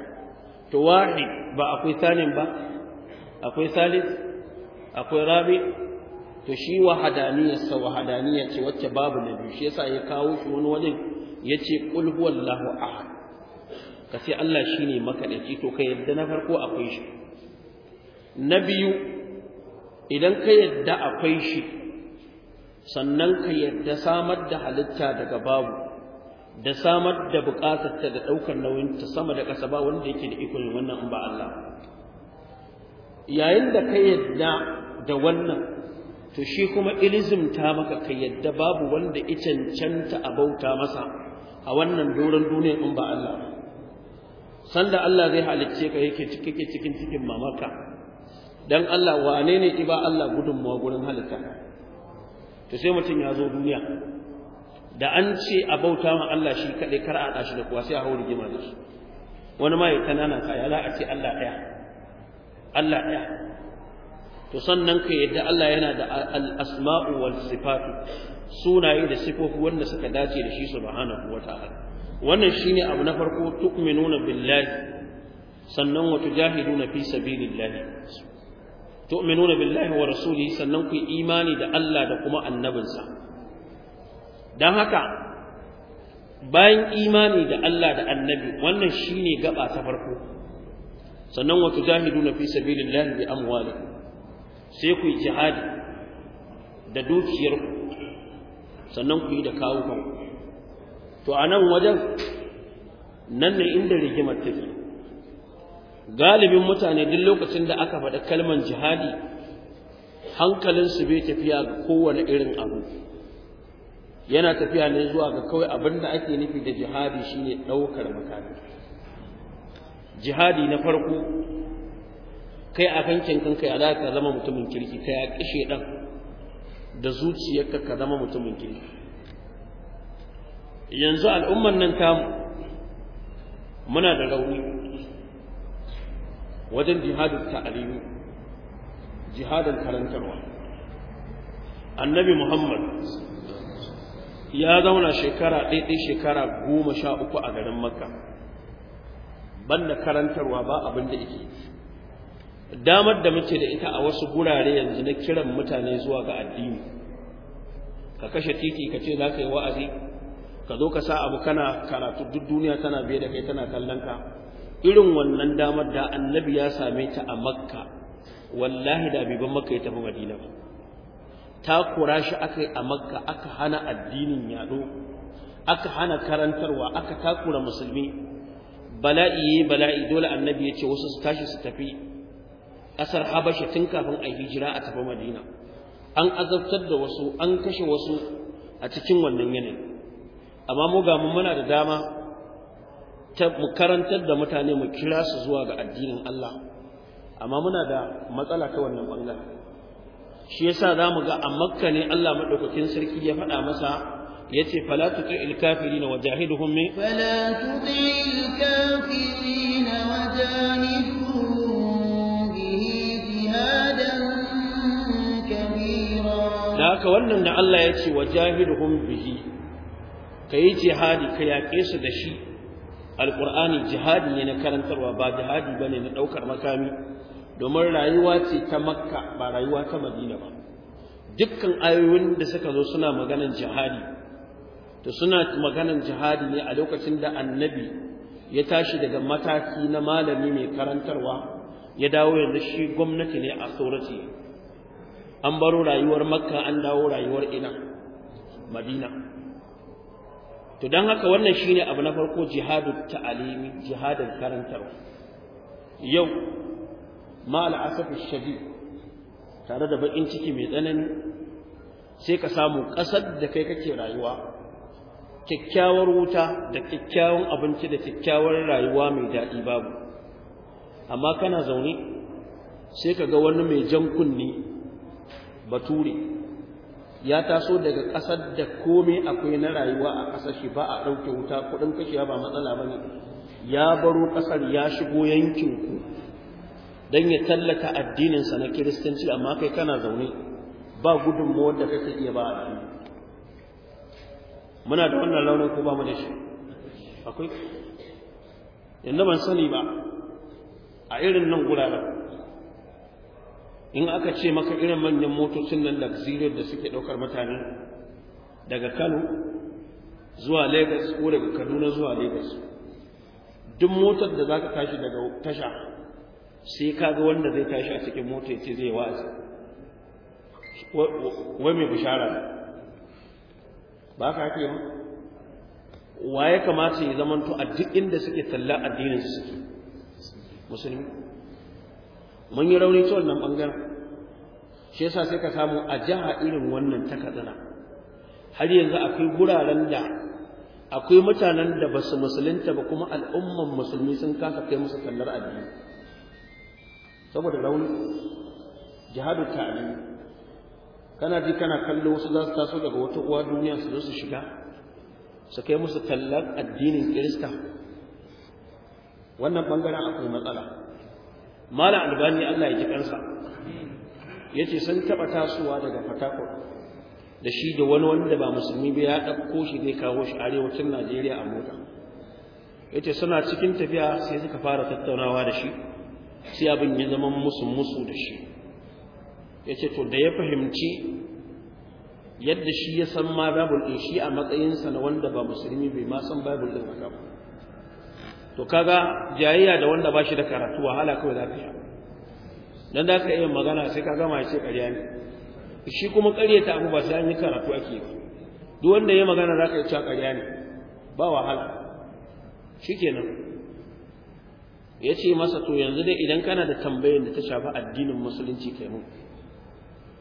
تو واحد akwai salis akwai rabi to shi wahadaniyarsa wahadaniya ce wacce babu na biyu shi yasa ya kawo shi wani wajen yace qul huwallahu ahad ka ce Allah shi shine makaɗaci to ka yadda na farko akwai shi na biyu idan ka yadda akwai shi sannan ka yadda samar da halitta daga babu da samar da buƙatar ta da ɗaukar nauyin ta sama da ƙasa ba wanda yake da ikon wannan in ba Allah yayin da ka yadda da wannan to shi kuma ilizim ta maka ka yadda babu wanda ya canta a bauta masa a wannan doron duniya in ba Allah sanda Allah zai halicce ka yake cike cikin cikin mamaka dan Allah wane ne iba Allah gudunmawa gurin halitta to sai mutum ya zo duniya da an ce a bauta ma Allah shi kaɗai kar a shi da kuwa sai a hau rigima da shi wani ma ya kanana ka ya za a ce Allah ɗaya Allah ɗaya to sannan ka yadda Allah yana da al-asma'u wal sifatu sunaye da sifofi wanda suka dace da shi subhanahu wata'ala wannan shine abu na farko tu'minuna billahi sannan wa tujahiduna fi sabilillahi tu'minuna billahi wa rasulihi sannan ku imani da Allah da kuma annabinsa dan haka bayan imani da Allah da annabi wannan shine gaba ta farko sannan wa tujahiduna fi sabilillahi bi amwalikum sai ku yi jihadi da dukiyarku sannan ku yi da kawo kanku to a nan wajen nan ne inda rigimar take galibin mutane duk lokacin da aka faɗi kalmar jihadi hankalinsu bai tafiya ga kowane irin abu yana tafiya ne zuwa ga kawai abin da ake nufi da jihadi shine ɗaukar makami jihadi na farko kai a kankin kanka ya za ka zama mutumin kirki ka ya ƙishe ɗan da zuciyarka ka zama mutumin kirki yanzu al'ummar nan tamu muna da rauni wajen jihadin ta'alimi jihadin karantarwa annabi muhammad ya zauna shekara ɗaiɗai shekara goma sha uku a garin makka banda karantarwa ba abin da yake damar da muke da ita a wasu gurare yanzu na kiran mutane zuwa ga addini ka kashe titi ka ce za ka yi wa'azi ka zo ka sa abu kana karatu duk duniya tana biye da kai tana kallon ka irin wannan damar da annabi ya same ta a makka wallahi da biban makka ya tafi madina ba ta kura shi aka a makka aka hana addinin yaɗo aka hana karantarwa aka takura musulmi bala'i bala'i dole annabi ya ce wasu su tashi su tafi ƙasar habasha tun kafin a hijira a tafi madina an azabtar da wasu an kashe wasu a cikin wannan yanayi amma mu ga mun muna da dama ta mu karantar da mutane mu kira su zuwa ga addinin Allah amma muna da matsala ta wannan bangaren shi yasa zamu ga a Makka ne Allah madaukakin sarki ya faɗa masa yace fala tuti'il kafirin jahiduhum min fala tuti'il kafirin jahiduhum bihi jihadan kabira da haka wannan da Allah yace wa jahiduhum bihi ka yi jihadi ka yaƙe su da shi alƙur'ani jihadi ne na karantarwa ba jihadi ba ne na ɗaukar makami domin rayuwa ce ta makka ba rayuwa ta madina ba dukkan ayoyin da suka zo suna maganan jihadi to suna maganan jihadi ne a lokacin da annabi ya tashi daga mataki na malami mai karantarwa ya dawo yanzu shi gwamnati ne a tsorati an baro rayuwar makka an dawo rayuwar ina madina to don haka wannan shi shine abu na farko jihadu ta'alimi jihadin karantarwa yau ma'al asafi shadi tare da bakin ciki mai tsanani sai ka samu ƙasar da kai kake rayuwa kyakkyawar wuta da kyakkyawan abinci da kyakkyawar rayuwa mai daɗi babu amma kana zaune sai ka ga wani mai jan kunni bature ya taso daga ƙasar da komai akwai na rayuwa a ƙasar shi ba a ɗauke wuta kuɗin kashewa ba matsala ba ne ya baro ƙasar ya shigo yankin ku don ya tallata addininsa na kiristanci amma kai kana zaune ba gudunmawar da kake iya ba a muna da wannan launin ko ba mu da shi akwai yanda ban sani ba a irin nan guraren in aka ce maka irin manyan motocin nan luxurious da suke ɗaukar mutane daga kano zuwa lagos ko daga kaduna zuwa lagos duk motar da za ka tashi daga tasha sai ka ga wanda zai tashi a cikin mota ya ce zai wa'azi wai mai bishara ba ka haka yi wa ya kamata ya zamanto a duk inda suke talla addinin su musulmi mun yi rauni ta wannan bangaren shi yasa sai ka samu a jiha irin wannan ta katsina har yanzu akwai guraren da akwai mutanen da ba su musulunta ba kuma al'umman musulmi sun kasa kai musu tallar addini saboda rauni jihadu ta'ali kana ji kana kallo wasu za su taso daga wata uwa duniya su zo su shiga su kai musu kallar addinin kirista wannan bangaren akwai matsala mala albani Allah ya ji kansa yace sun taba tasowa daga fatako da shi da wani wanda ba musulmi ba ya ɗauko shi zai kawo shi arewacin Najeriya a mota yace suna cikin tafiya sai suka fara tattaunawa da shi sai abin ya zama musu musu da shi yace to da ya fahimci yadda shi ya san ma babul din shi a matsayinsa na wanda ba musulmi bai ma san babul din ba to kaga jayayya da wanda ba shi da karatu wahala kawai za ka sha dan da ka iya magana sai ka gama ce ƙarya ne shi kuma ta abu ba sai an yi karatu ake ba duk wanda ya magana za ka yi cewa ƙarya ne ba wahala shikenan ya ce masa to yanzu dai idan kana da tambayar da ta shafi addinin musulunci kai mu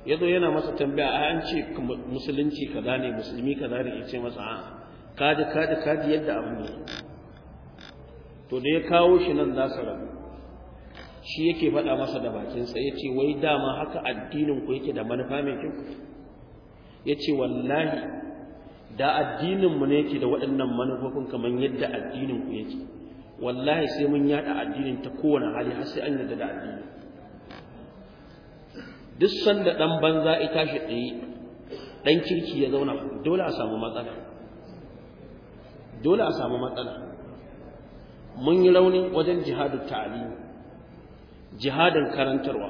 ya zo yana masa tambaya a an ce musulunci kaza ne musulmi kaza ne ya ce masa a kaji kaji kaji yadda abu ne to da ya kawo shi nan za ra shi yake faɗa masa da bakinsa ya ce wai dama haka addinin ku yake da manufa mai kyau ya ce wallahi da addininmu ne yake da waɗannan manufofin kamar yadda addinin ku yake wallahi sai mun yada addinin ta kowane hali har sai an yadda da addini duk sanda dan banza ya tashi tsaye dan kirki ya zauna dole a samu matsala dole a samu matsala mun yi rauni wajen jihadu ta'alimi jihadin karantarwa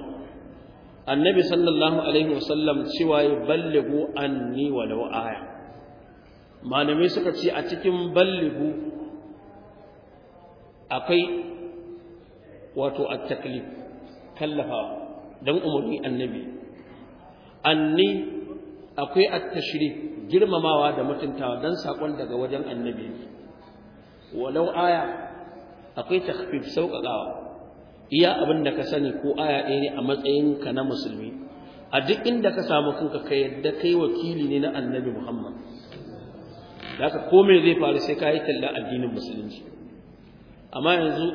annabi sallallahu alaihi wasallam cewa ya ballighu anni walau aya malamai suka ce a cikin ballighu akwai wato a taklif kallafa don umarni annabi anni akwai a tashiri girmamawa da mutuntawa don saƙon daga wajen annabi walau aya akwai takhfif sauƙaƙawa iya abin da ka sani ko aya ɗaya ne a matsayinka na musulmi a duk inda ka samu kanka ka yadda kai wakili ne na annabi muhammad haka ko me zai faru sai ka yi talla addinin musulunci amma yanzu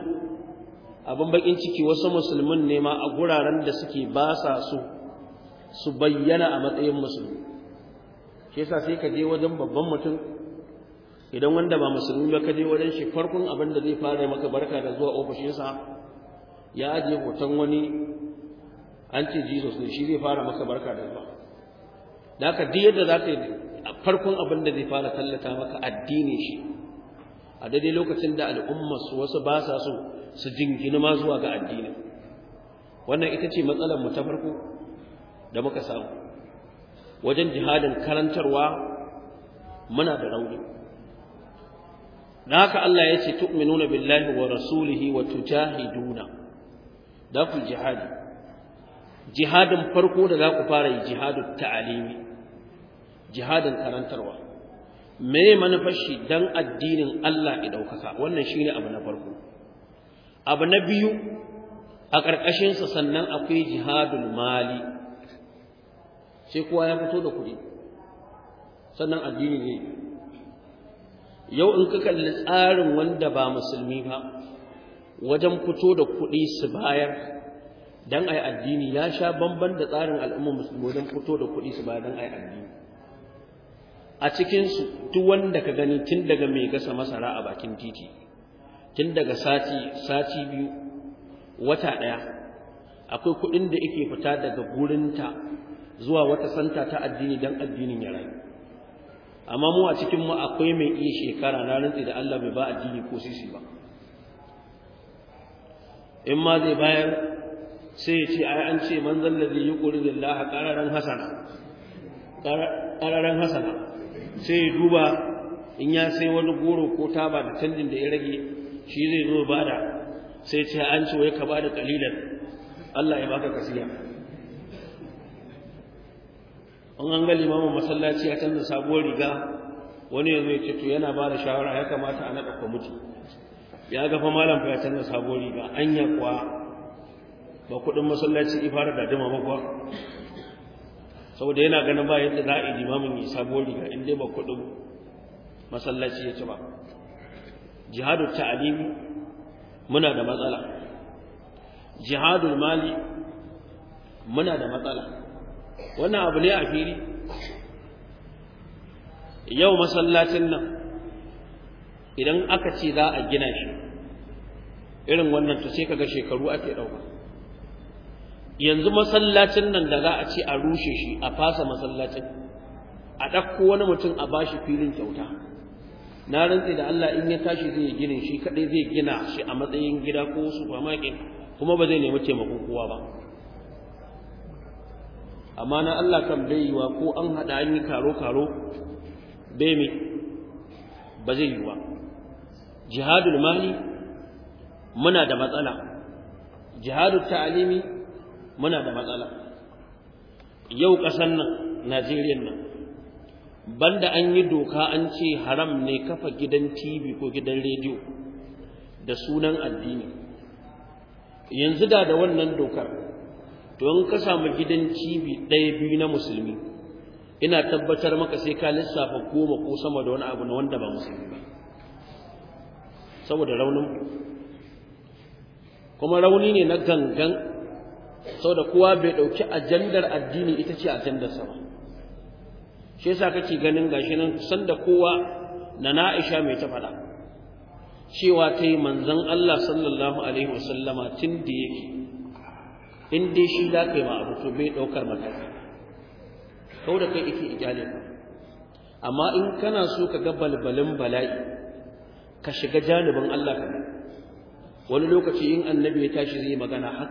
abin bakin ciki wasu musulmin ne ma a guraren da suke ba sa so su bayyana a matsayin musulmi shi yasa sai ka je wajen babban mutum idan wanda ba musulmi ba kaje wurin shi farkon abin da zai fara maka barka da zuwa ofishinsa ya ajiye hoton wani an ce jesus ne shi zai fara maka barka da zuwa da haka duk yadda za ka yi farkon abin da zai fara tallata maka addini shi a daidai lokacin da al'ummar su wasu ba sa so su jingina ma zuwa ga addini wannan ita ce matsalar mu ta farko da muka samu wajen jihadin karantarwa muna da rauni Na haka Allah ya ce tu'minuna billahi wa rasulihi wa tujahiduna da ku jihadi jihadin farko da za ku fara yi jihadin ta'alimi jihadin karantarwa me manufar shi dan addinin Allah ya daukaka wannan shine abu na farko abu na biyu a ƙarƙashin sa sannan akwai jihadul mali sai kowa ya fito da kuɗi sannan addini ne yau in ka kalli tsarin wanda ba musulmi ba wajen fito da kuɗi su bayar don a yi addini ya sha bamban da tsarin al'ummar musulmi wajen fito da kuɗi su bayar don a yi addini a cikinsu duk wanda ka gani tun daga mai gasa masara a bakin titi tun daga sati biyu wata ɗaya akwai kuɗin da yake fita daga gurinta zuwa wata santa ta addini don addinin ya rayu amma mu a cikin mu akwai mai iya shekara na rantsi da Allah bai ba addini ko sisi ba in ma zai bayar sai ya ce ai an ce man zallazi yuqridu Allah qararan hasana qararan hasana sai ya duba in ya sai wani goro ko taba da canjin da ya rage shi zai zo bada sai ya ce an ce wai ka bada kalilan Allah ya baka kasiya in an ga limamin masallaci ya canza sabuwar riga wani ya ce to yana ba da shawara ya kamata a naɗa kwamiti ya gafa malam fa ya canza sabuwar riga anya kuwa ba kuɗin masallaci ifara da dima ba kuwa saboda yana ganin ba yadda za a yi limamin ya sabuwar riga in dai ba kuɗin masallaci ya ci ba jihadu ta'alimi muna da matsala jihadul mali muna da matsala wannan abu ne a fili yau masallacin nan idan aka ce za a gina shi irin wannan ta sai kaga shekaru ake ɗauka yanzu masallacin nan da za a ce a rushe shi a fasa masallacin a ɗauko wani mutum a bashi filin kyauta na rantse da Allah in ya tashi zai ginin shi kaɗai zai gina shi a matsayin gida ko supermarket kuma ba zai nemi taimakon kowa ba amma na Allah kan baiwa ko an haɗa an yi karo-karo bai mai ba zai wa. jihadul mali muna da matsala jihadul ta'alimi muna da matsala yau ƙasar nan najeriya nan banda an yi doka an ce haram ne kafa gidan tv ko gidan rediyo da sunan addini yanzu da da wannan dokar to in ka samu gidan cibi ɗaya biyu na musulmi ina tabbatar maka sai ka lissafa goma ko sama da wani abu na wanda ba musulmi ba saboda raunin kuma rauni ne na gangan saboda kowa bai ɗauki ajandar addini ita ce ajandar sama. shi yasa kake ganin gashi nan sanda kowa na na'isha mai ta faɗa cewa ta yi manzon Allah sallallahu alaihi wasallama tun da yake in dai shi za ka yi ma abu to bai ɗaukar mataki kau da kai ike ikyale ba. amma in kana so ka ga balbalin bala'i ka shiga janibin Allah ka wani lokaci in annabi ya tashi zai magana har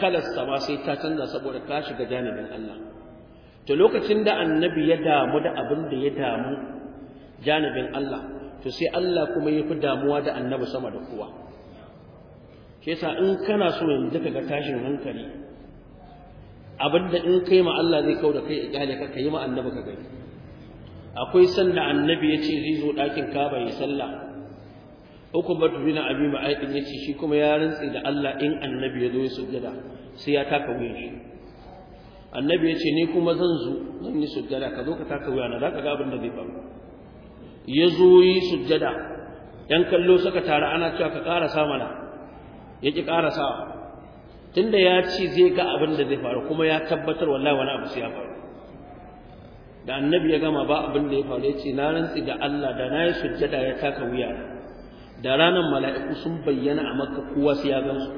kalas sama sai ta canza saboda ka shiga janibin Allah to lokacin da annabi ya damu da abin da ya damu janibin Allah to sai Allah kuma ya fi damuwa da annabi sama da kowa shi yasa in kana so yanzu duka ga tashin hankali abinda in kai ma Allah zai kau da kai iyali ka kai ma annabi ka gani akwai sanda annabi ya ce zai zo ɗakin kaba ya sallah uku batu bin abi ma'aikin ya ce shi kuma ya rantsi da Allah in annabi ya zo ya sujjada sai ya taka wuyan shi annabi ya ce ni kuma zan zo zan yi sujjada ka zo ka taka wuya za ka ga abin da zai faru ya zo yi sujjada yan kallo suka tare ana cewa ka ƙara samana ya ƙi tun tunda ya ci zai ga abin da zai faru kuma ya tabbatar wallahi wani abu sai ya faru da annabi ya gama ba abin da ya faru ya ce na rantsi da Allah da na yi sujjada ya taka wuya da ranar mala'iku sun bayyana a makka kowa sai ya gansu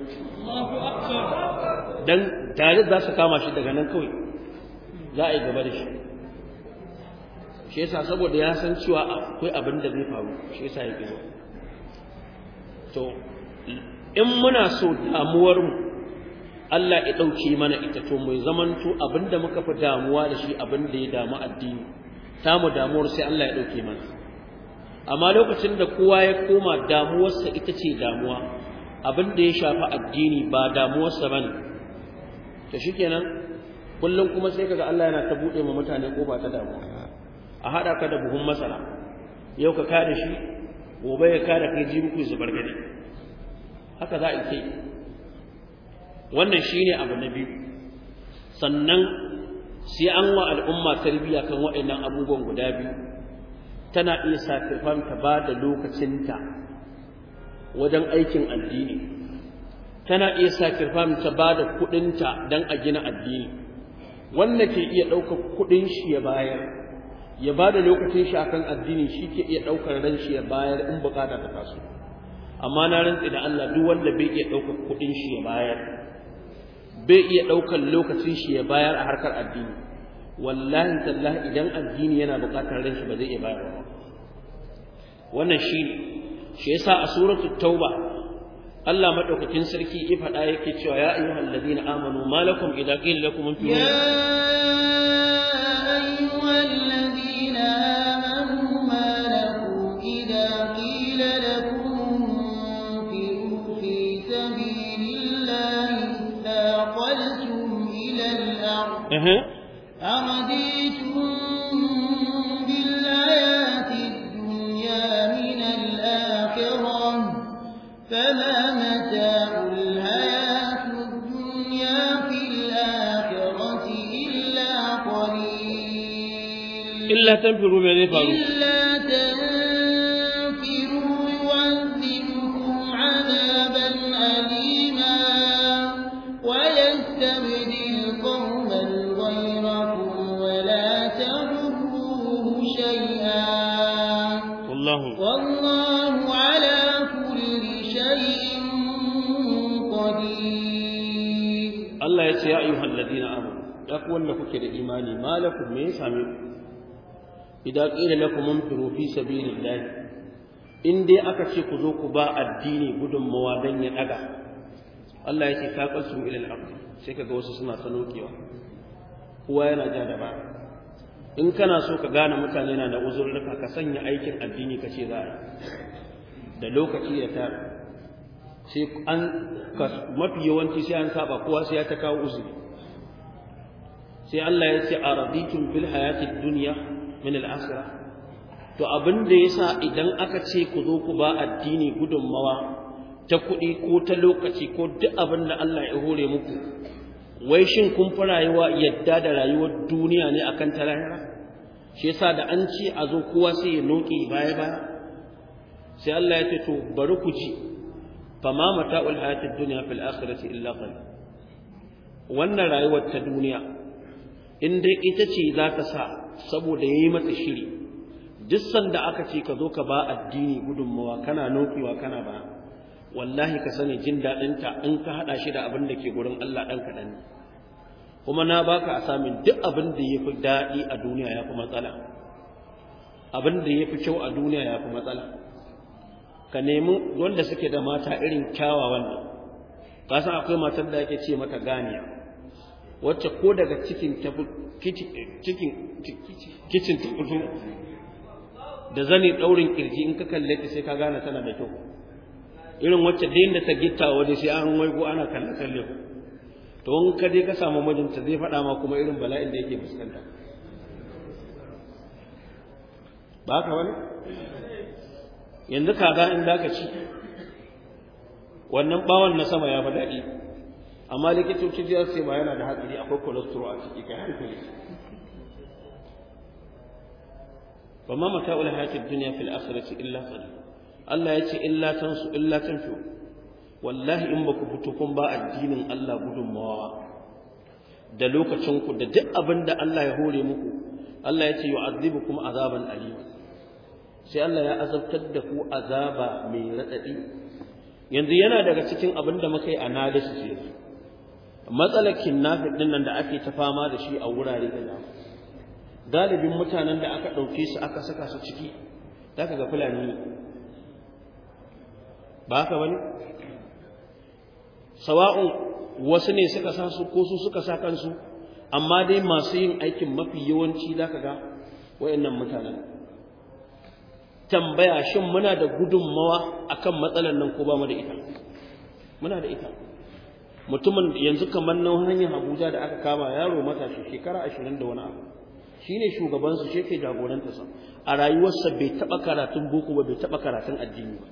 dan tare za su kama shi daga nan kawai za a yi gaba da shi shi saboda ya san cewa akwai abin da zai faru shi ya ƙi to in muna so damuwar damuwarmu Allah ya ɗauke mana ita to mai zamanto abinda muka fi damuwa da shi abinda ya damu addini ta mu damuwar sai Allah ya ɗauke mana amma lokacin da kowa ya koma damuwarsa ita ce damuwa abinda ya shafa addini ba damuwarsa bane to shikenan kullum kuma sai kaga Allah yana ta buɗe ma mutane kofa ta damuwa a haɗa ka da buhun masara yau ka kada shi gobe ya da kai jibi ku zubar gani haka za a yi kai wannan shine abu na biyu sannan sai an wa al'umma tarbiyya kan waɗannan abubuwan guda biyu tana iya satifan ta ba da lokacinta wajen aikin addini tana iya satifan ta ba da kuɗinta don a gina addini wanda ke iya ɗaukar kuɗin shi ya bayar ya ba da lokacin shi akan addini shi ke iya ɗaukar ran shi ya bayar in buƙata ta taso amma na rantsi da Allah duk wanda bai iya ɗaukar kuɗin shi ya bayar bai iya ɗaukar lokacin shi ya bayar a harkar addini wallahi tallahi idan addini yana buƙatar ran shi ba zai iya bayar ba wannan shi ne shi yasa a suratul tauba Allah madaukakin sarki ya faɗa yake cewa ya ayyuhal ladina amanu malakum idza qila lakum ya أها أرديتم بالآيات الدنيا من الآخرة فما متاع الحياة الدنيا في الآخرة إلا قليل إلا تنفروا ku wanda kuke da imani malakum me ya same ku idan qila lakum munfiru fi sabilillah in dai aka ce ku zo ku ba addini gudun mawadan ya daga Allah ya ce ka ila al aqd sai kaga wasu suna sanokewa kowa yana ja da ba in kana so ka gane mutane na da uzurruka ka sanya aikin addini ka ce za a da lokaci ya tara sai an mafi yawanci sai an saba kowa sai ya ta kawo uzuri sai Allah ya ce araditum bil hayatid duniya min al akhirah to abin da yasa idan aka ce ku zo ku ba addini gudunmawa ta kuɗi ko ta lokaci ko duk abin da Allah ya hore muku wai shin kun fi rayuwa yadda da rayuwar duniya ne akan ta lahira shi yasa da an ce a zo kowa sai ya noki baya baya sai Allah ya ce to bari ku ji fama mata'ul hayatid dunya fil akhirati illa qalil wannan rayuwar ta duniya in dai ita ce za ka sa saboda ya yi mata shiri duk sanda aka ce ka zo ka ba addini gudunmawa kana nufiwa kana ba wallahi ka sani jin daɗinta in ka haɗa shi da abin da ke gurin Allah ɗan kaɗan ne kuma na baka a samun duk abin da ya fi daɗi a duniya ya fi matsala abin da ya fi kyau a duniya ya fi matsala ka nemi wanda suke da mata irin kyawawan nan ka san akwai matar da ake ce mata ganiya wacce ko daga cikin kicin eh, ta fito da zane ɗaurin kirji in ka kalle ta sai ka gane tana da kyau irin wacce da yadda ta gitta wani sai an waigo ana kalle kalle to in ka dai ka samu mijinta zai faɗa ma kuma irin bala'in da yake fuskanta ba ka wani yanzu kaza in za ka ci wannan bawan na sama ya fi daɗi amma likitoci za su ma yana da hatsari akwai cholesterol a ciki kai hankali fa ma mata'ul hayatid dunya fil akhirati illa qalil Allah ya ce illa tansu illa tanfu wallahi in baku fito kun ba addinin Allah gudunmawa da lokacin ku da duk abin da Allah ya hore muku Allah ya ce yu'adhibukum azaban alim sai Allah ya azabtar da ku azaba mai radadi yanzu yana daga cikin abin da muka yi analysis yanzu matsalar kidnapping din nan da ake ta fama da shi a wurare da dama galibin mutanen da aka ɗauke su aka saka su ciki za ka ga fulani ba ka ba ne sawa'un wasu ne suka sa su ko su suka sa kansu amma dai masu yin aikin mafi yawanci za ka ga wayannan mutanen tambaya shin muna da gudunmawa akan matsalar nan ko ba mu da ita muna da ita mutumin yanzu kamar nan hanyar Abuja da aka kama yaro matashi shekara ashirin da wani abu shine shugabansu su sheke jagoranta sa a rayuwarsa bai taba karatun boko ba bai taba karatun addini ba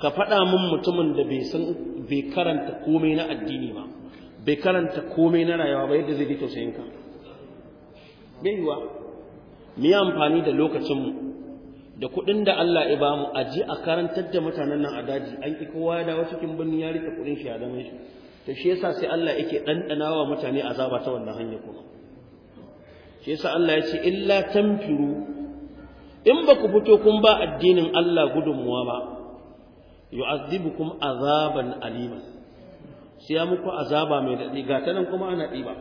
ka faɗa min mutumin da bai san bai karanta komai na addini ba bai karanta komai na rayuwa ba yadda zai ji tausayin ka bai yiwa mu amfani da lokacinmu da kuɗin da Allah ya bamu a ji a karantar da mutanen nan a daji an ki kowa ya dawo cikin birni ya rike kuɗin shi ya zama shi to shi yasa sai Allah yake ɗanɗana wa mutane azaba ta wannan hanya kuma shi yasa Allah ya ce illa tanfiru in ba ku fito kun ba addinin Allah gudunmuwa ba yu'adhibukum azaban alima sai ya muku azaba mai daɗi ga ta nan kuma ana ɗiba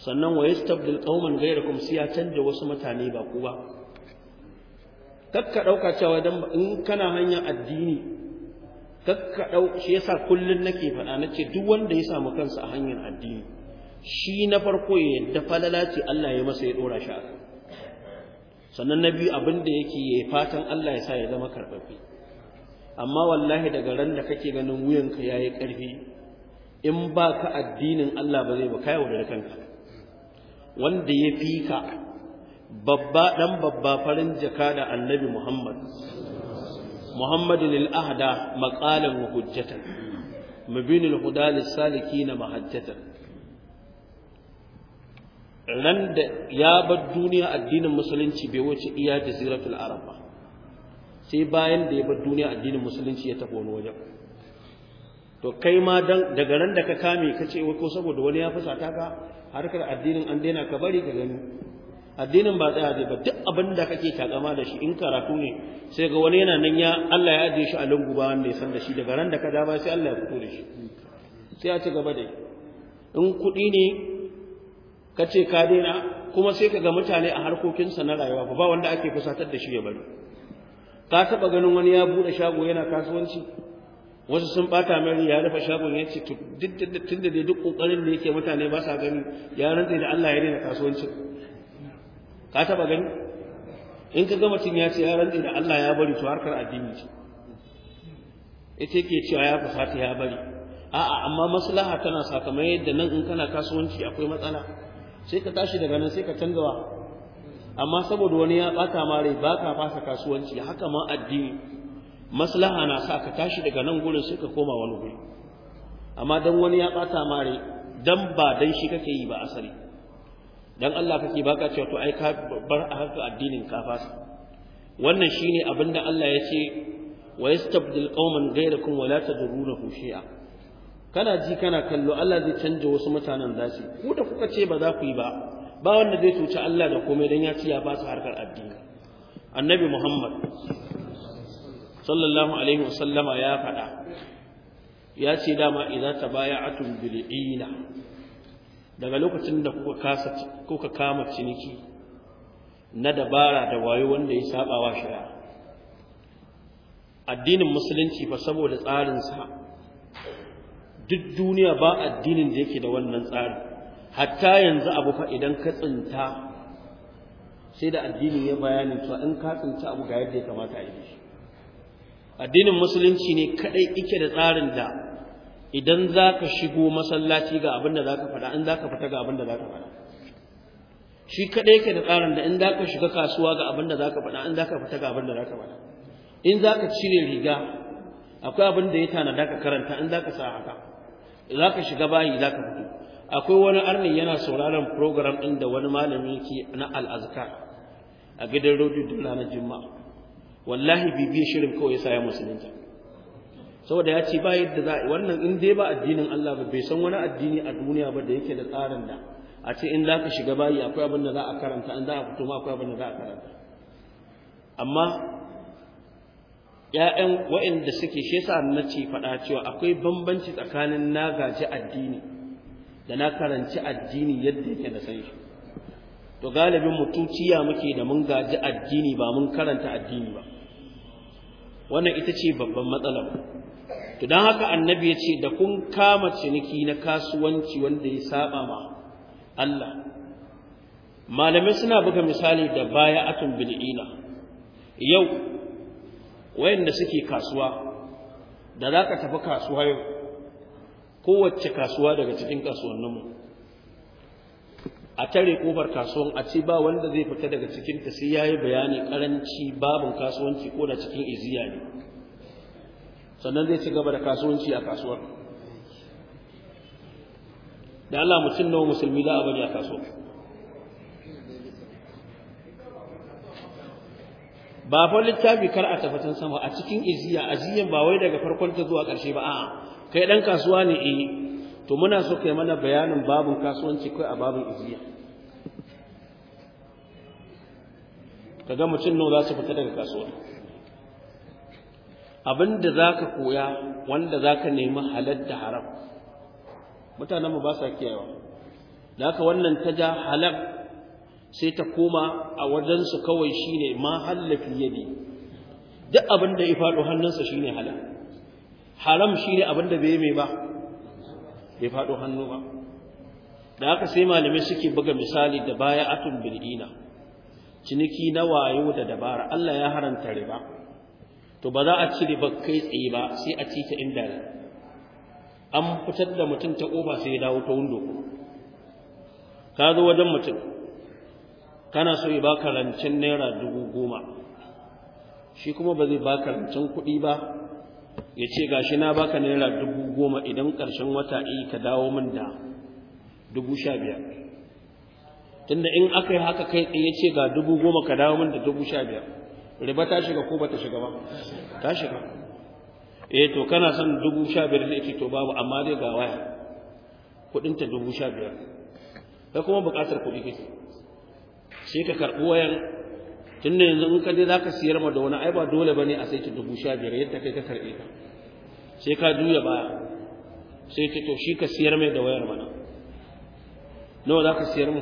sannan wa yastabdil qauman ghayrakum sai ya canja wasu mutane ba ku ba kakka ɗauka cewa dan in kana hanyar addini kakka ɗau shi yasa kullum nake faɗa na ce duk wanda ya samu kansa a hanyar addini shi na farko ya yadda falala ce Allah ya masa ya ɗora shi a sannan na biyu abin da yake ya fatan Allah ya sa ya zama karɓaɓɓe amma wallahi daga ran da kake ganin wuyanka ya yi ƙarfi in ba ka addinin Allah ba zai ba ka da kanka wanda ya fi ka babba dan babba farin jaka da annabi Muhammad Muhammadin al-ahda maqalan wa hujjatan mubin al-huda lis-salikin mahajjatan ran da ya bar duniya addinin musulunci bai wuce iya jaziratul arab ba sai bayan da ya bar duniya addinin musulunci ya tafi wani wajen to kai ma daga ran da ka kame ka ce ko saboda wani ya ta ka harkar addinin an daina ka bari ka gani addinin ba tsaya zai ba duk abin da kake takama da shi in karatu ne sai ga wani yana nan ya Allah ya ajiye shi a lungu ba wanda ya san da shi daga ran da ka dama sai Allah ya fito da shi sai ya ci gaba da in kuɗi ne ka ce ka daina kuma sai ka ga mutane a harkokinsa na rayuwa ba wanda ake kusatar da shi ya bari ka taɓa ganin wani ya buɗe shago yana kasuwanci wasu sun ɓata mai ya rufe shagon ya ce tun da duk ƙoƙarin da yake mutane ba sa gani ya rantse da Allah ya daina kasuwancin ka taba gani in ka gama mutum ya ce ya rantsi da Allah ya bari to harkar addini ce ita ke cewa ya fasata ya bari a'a amma maslaha tana sakamai yadda nan in kana kasuwanci akwai matsala sai ka tashi daga nan sai ka canzawa amma saboda wani ya bata mare ba ka fasa kasuwanci haka ma addini maslaha na sa ka tashi daga nan gurin sai ka koma wani guri amma dan wani ya bata mare, dan ba dan shi kake yi ba asali dan Allah kake baka cewa to ai ka bar a haka addinin ka fasa wannan shine abinda Allah ya ce wa yastabdil qauman ghayrakum wa la tadrunahu shay'a kana ji kana kallo Allah zai canja wasu mutanen zasu ku da kuka ce ba za ku yi ba ba wanda zai cuci Allah da komai dan ya ce ya fasa harkar addini annabi Muhammad sallallahu alaihi wasallama ya faɗa ya ce dama idza tabaya'atum bil'ina daga lokacin da kuka kasa kuka kama ciniki na dabara da wayo wanda ya saba wa shari'a addinin musulunci fa saboda tsarinsa duk duniya ba addinin da yake da wannan tsari hatta yanzu abu fa idan ka tsinta sai da addinin ya bayani to in ka tsinta abu ga yadda ya kamata a yi shi addinin musulunci ne kadai yake da tsarin da idan za ka shigo masallaci ga abin da za ka faɗa in za ka fita ga abin da za ka faɗa shi kaɗai ka da tsarin da in za ka shiga kasuwa ga abin da za ka faɗa in za ka fita ga abin da za ka faɗa in za ka cire riga akwai abin da ya tanada ka karanta in za ka sa haka za ka shiga bayi za ka fito akwai wani arni yana sauraron program ɗin da wani malami yake na al'azkar a gidan rodi duk ranar juma'a wallahi bibiya shirin kawai ya sa ya musulunta saboda ya ce ba yadda za a wannan in dai ba addinin Allah ba bai san wani addini a duniya ba da yake da tsarin da a ce in za ka shiga bayi akwai abin da za a karanta in za a fito ma akwai abin da za a karanta amma ‘ya'yan waɗanda suke shi yasa na ce faɗa cewa akwai bambanci tsakanin na gaji addini da na karanci addini yadda yake da san shi to galibin mutuciya muke da mun gaji addini ba mun karanta addini ba wannan ita ce babban matsalar to dan haka annabi ya ce da kun kama ciniki na kasuwanci wanda ya saba ma Allah malamai suna buga misali da baya baya'atun bil'ina yau wayanda suke kasuwa da za ka tafi kasuwa yau kowace kasuwa daga cikin kasuwanninmu a tare kofar kasuwan a ce ba wanda zai fita daga cikinta sai ya yi bayani karanci babin kasuwanci ko da cikin iziya ne sannan zai ci gaba da kasuwanci a kasuwar da Allah mutum nawa musulmi za a bari a kasuwar ba fa littafi kar a tafatan sama a cikin iziya ajiyan ba wai daga farkon ta zuwa ƙarshe ba a'a kai dan kasuwa ne eh to muna so kai mana bayanin babun kasuwanci kai a babun iziya kaga mutum nawa za su fita daga kasuwar. abin da za ka koya wanda za ka nemi halar da haram mutanenmu ba sa kiyawa da haka wannan ta ja halar sai ta koma a wajensu kawai shi ne ma hallafi yadi duk abin da ya faɗo hannunsa shi ne halar haram shi ne abin da bai mai ba bai faɗo hannu ba da haka sai malamai suke buga misali da baya atun bil'ina ciniki na wayo da dabara Allah ya haranta riba to ba za a cire ba kai tsaye ba sai a ci ta inda an fitar da mutum ta ƙofa sai ya dawo ta wundo ka zo wajen mutum kana so ya baka rancen naira dubu goma shi kuma ba zai baka rancen kuɗi ba ya ce ga shi na baka naira dubu goma idan ƙarshen wata iya ka dawo min da dubu sha biyar tunda in aka yi haka kai tsaye ce ga dubu goma ka dawo min da dubu sha biyar riba ta shiga ko bata shiga ba ta shiga eh to kana son dubu sha biyar ne ce to babu amma dai ga waya kuɗin ta dubu sha biyar kai kuma buƙatar kuɗi kake sai ka karɓi wayan tun da yanzu in ka dai za ka siyar ma da wani ai ba dole ba ne a sai dubu sha biyar yadda kai ka karɓe ka sai ka juya baya sai ce to shi ka siyar mai da wayar mana nawa za ka siyar mu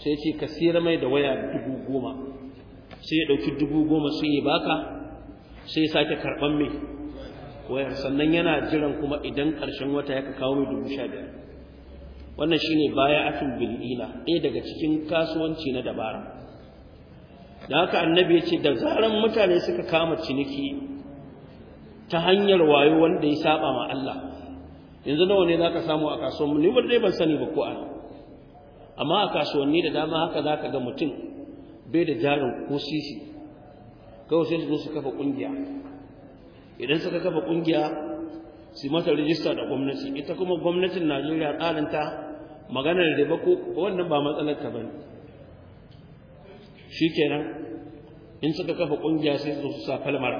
sai ce ka siyar mai da waya dubu goma sai ya ɗauki dubu goma su ya baka sai ya sake karɓan mai wayar sannan yana jiran kuma idan ƙarshen wata ya kawo mai dubu sha biyar wannan shi ne baya atul bil'ina ɗaya daga cikin kasuwanci na dabara da haka annabi ya ce da zaran mutane suka kama ciniki ta hanyar wayo wanda ya saba ma Allah yanzu nawa ne zaka samu a kasuwanni ni ban ban sani ba ko an amma a kasuwanni da dama haka zaka ga mutum bai da jarin ko sisi kawai sai su kafa kungiya idan suka kafa kungiya su mata rijista da gwamnati ita kuma gwamnatin Najeriya tsarinta ta maganar riba ko wannan ba matsalar ka bane shikenan in suka kafa kungiya sai su sa kalmar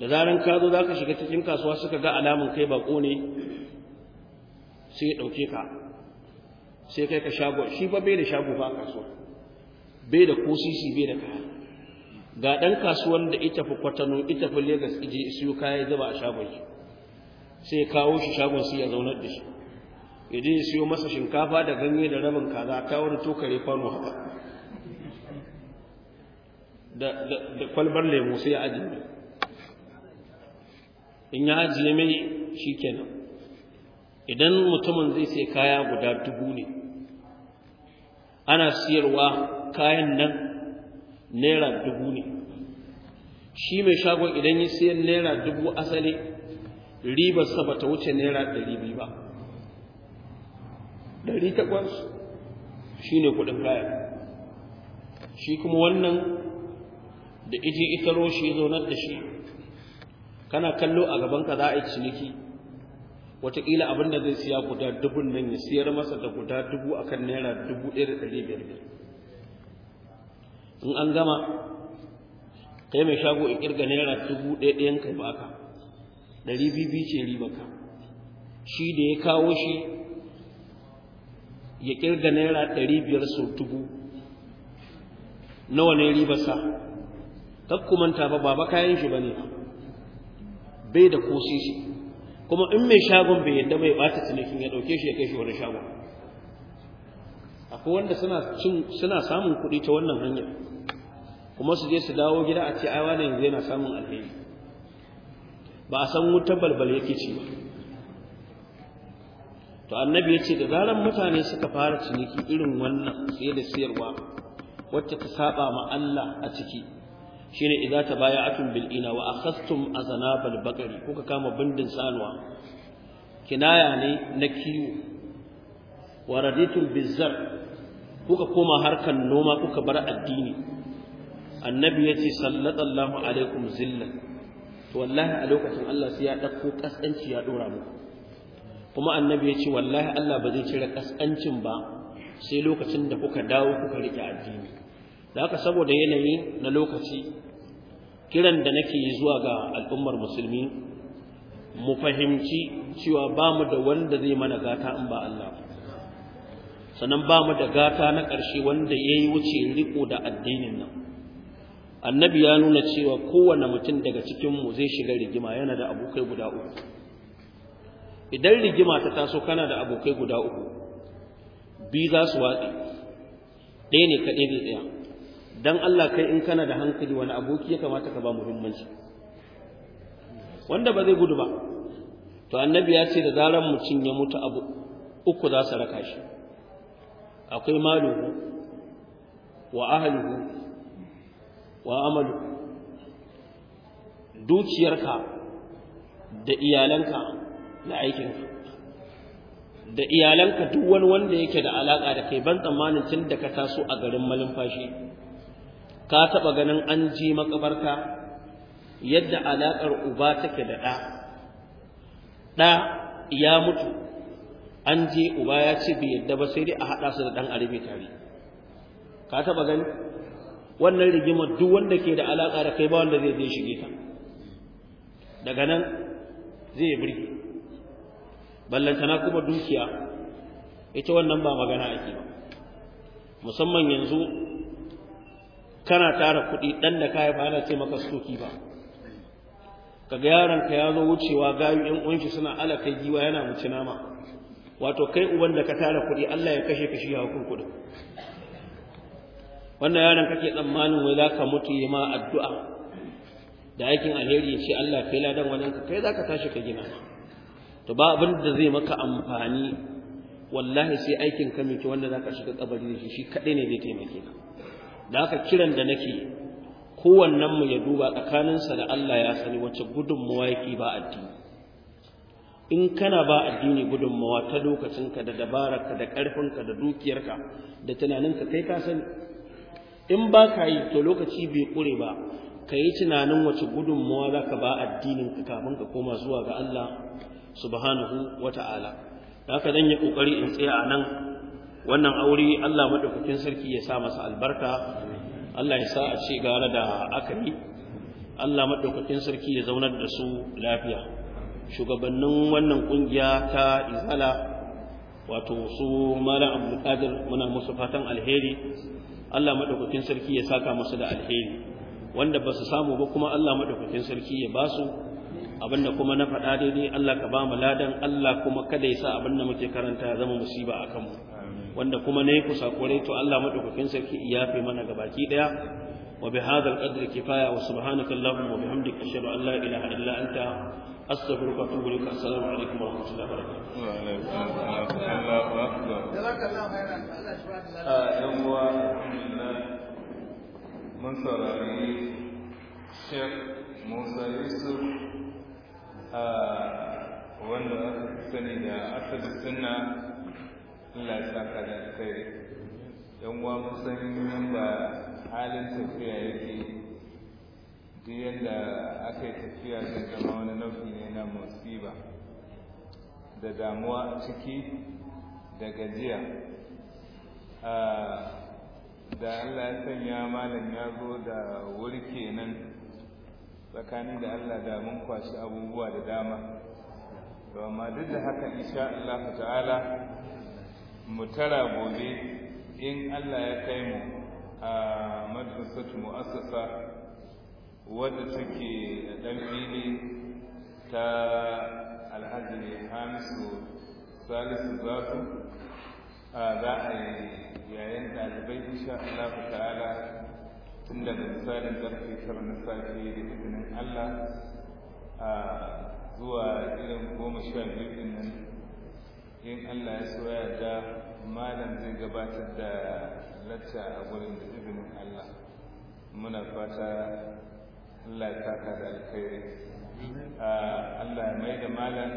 da zaran ka zo ka shiga cikin kasuwa suka ga alamun kai bako ne sai ya dauke ka sai kai ka shago shi ba bai da shago ba kasuwa bai da kusisi bai da kaya ga ɗan kasuwan da ita fi kwatano ita fi legas ije siyo kaya zuba a shagon shi sai kawo shi shagon sai ya zaunar da shi ya je siyo masa shinkafa da ganye da rabin kaza ta wani tokare kwano haka da kwalbar lemu sai ya ajiye in ya ajiye mai shi kenan idan mutumin zai sai kaya guda dubu ne ana siyarwa kayan nan naira dubu ne shi mai shagon idan ya sayan naira dubu asali ribarsa ba ta wuce naira ɗari biyu ba ɗari takwas shi ne kuɗin kayan shi kuma wannan da iji itaro shi zonar da shi kana kallo a gabanka za a yi ciniki wataƙila abin da zai siya guda dubun nan ya siyar masa da guda dubu akan naira dubu ɗaya da ɗari biyar biyar in an gama kai mai shago in kirga naira dubu ɗaya ɗayan kai baka ɗari bibi ce ka, shi da ya kawo shi ya kirga naira ɗari biyar sau dubu nawa ne ribarsa sa, kumanta ba ba kayan shi ba ne bai da ko kuma in mai shagon bai yadda mai bata cinikin ya ɗauke shi ya kai shi wani shagon akwai wanda suna samun kuɗi ta wannan hanyar kuma su je su dawo gida a ce ai wani yanzu yana samun alheri ba a san wuta balbal yake ci ba to annabi ya ce da zaran mutane suka fara ciniki irin wannan sai da siyarwa wacce ta saba ma Allah a ciki shine idza tabaya'atum bil ina wa akhadhtum aznabal baqari kuka kama bindin sanuwa kinaya ne na kiwo wa raditum bizar kuka koma harkan noma kuka bar addini annabi ya ce sallallahu alaikum zillan to wallahi a lokacin Allah sai ya ɗauko kasanci ya ɗora muku kuma annabi ya ce wallahi Allah ba zai cire kaskancin ba sai lokacin da kuka dawo kuka rike addini da haka saboda yanayi na lokaci kiran da nake yi zuwa ga al'ummar musulmi mu fahimci cewa ba mu da wanda zai mana gata in ba Allah sannan ba mu da gata na ƙarshe wanda ya yi wuce riko da addinin nan annabi ya nuna cewa kowane mutum daga cikinmu zai shiga rigima yana da abokai guda uku idan rigima ta taso kana da abokai guda uku bi za su watsi ɗaya ne kaɗai zai tsaya don allah kai in kana da hankali wani aboki ya kamata ka ba muhimmanci wanda ba zai gudu ba to annabi ya ce da zarar mutum ya mutu abu uku za su raka shi akwai malu wa ahalihu wa amalu dukiyarka da iyalanka da aikinka da iyalanka duk wani wanda yake da alaka da kai ban tsammanin tun da ka taso a garin malumfashi ka taba ganin an je makabarka? yadda alakar uba take da ɗa ɗa ya mutu an je uba ya ce bai yadda ba sai dai a haɗa su da ɗan rufe tare ka taba gani wannan rigimar duk wanda ke da alaƙa da kai ba wanda zai zai shige ta daga nan zai birki ballantana kuma dukiya ita wannan ba magana ake ba musamman yanzu kana tara kuɗi ɗan da ka ba ana ce maka stoki ba kaga yaronka ya zo wucewa gayu ƴan uwanshi suna alaka giwa yana muci nama wato kai uban da ka tara kuɗi Allah ya kashe ka shi hawkun kuɗin wannan yaron kake tsammanin wai zaka mutu yi ma addu'a da aikin alheri ya ce Allah kai ladan wannan ka kai zaka tashi ka gina to ba abin da zai maka amfani wallahi sai aikin ka miki wanda zaka shiga kabari da shi shi kadai ne zai taimake ka da haka kiran da nake kowannen mu ya duba tsakaninsa da Allah ya sani wacce gudunmawa yake ba addini in kana ba addini gudunmawa ta lokacinka da dabararka da ƙarfinka da dukiyarka da tunaninka kai ka sani in ba ka yi to lokaci bai ƙure ba ka yi tunanin wace gudunmawa za ka ba addinin ka kafin ka koma zuwa ga Allah subhanahu wa ta'ala da haka zan yi ƙoƙari in tsaya a nan wannan aure Allah maɗaukakin sarki ya sa masa albarka Allah ya sa a ce gara da aka yi Allah maɗaukakin sarki ya zaunar da su lafiya shugabannin wannan ƙungiya ta izala wato su malam abdulkadir muna musu fatan alheri Allah madaukakin sarki ya saka musu da alheri wanda ba su samu ba kuma Allah madaukakin sarki ya ba su da kuma na faɗa daidai Allah ka ba mu ladan Allah kuma kada ya sa abinda muke karanta ya zama musiba a kanmu wanda kuma na yi kusakurai to Allah madaukakin sarki ya fi mana gabaki daya wa bi hadha al-qadri kifaya wa subhanaka allahumma wa bihamdika ashhadu an la ilaha illa anta astaghfiruka wa atubu ilaik assalamu alaikum wa rahmatullahi wa barakatuh wa alaikum assalam Allahu akbar jazakallahu khairan Allah shi ba da lafiya yan uwa alhamdulillah mun saurari Sheikh Musa Yusuf wanda aka sani da uwa halin tafiya yake duk yadda aka yi tafiya da zama wani nufi ne na musiba da damuwa ciki da gajiya da Allah ya sanya malam ya zo da wuri kenan tsakanin da Allah da mun kwashi abubuwa da dama to amma duk da haka insha Allah ta'ala mu tara gobe in Allah ya kai mu a madrasatu mu'assasa wadda take dan fili ta alhaji hamisu salisu zatu za a yi yayin ɗalibai insha Allah ta'ala tun daga misalin ƙarfe tara na safe da izinin Allah zuwa irin goma sha biyu ɗin nan in Allah ya so ya da malam zai gabatar da lacca a gurin da izinin Allah muna fata Allah ya saka da alkhairi ah, Allah ya mai da malam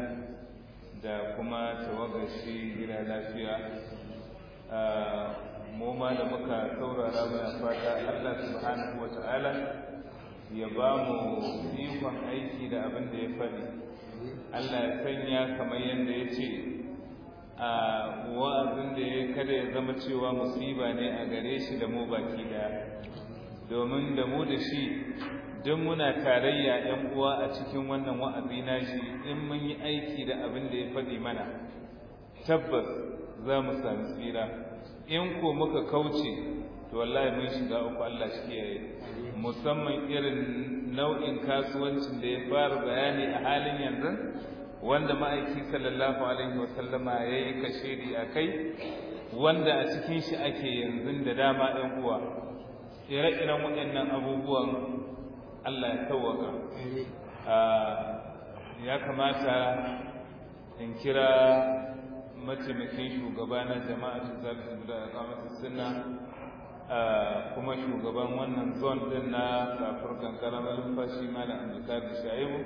da kuma tawagar shi gida lafiya ah, mu ma da muka saurara muna fata Allah subhanahu wa ta'ala ya ba mu ikon aiki da abin da ya faɗi Allah ya sanya kamar yadda ya ce a ah, wa'azin da ya kada ya zama cewa musiba ne a gare shi da mu baki daya domin da mu da shi don muna tarayya ‘yan uwa a cikin wannan wa'azi na shi in mun yi aiki da abin da ya faɗi mana tabbas za mu sami tsira in ko muka kauce to wallahi mun shiga uku Allah shi kiyaye musamman irin nau'in kasuwancin da ya fara bayani a halin yanzu wanda ma'aiki sallallahu alaihi wa ya yi kashedi a kai wanda a cikin shi ake yanzu da dama ‘yan uwa ire-iren waɗannan abubuwan Allah ya tawaka ah, ya kamata in kira mataimakin shugaba na jama'atun zafi da kamata suna ah, kuma shugaban wannan zon din na safar kankarar alfashi malam da shaibu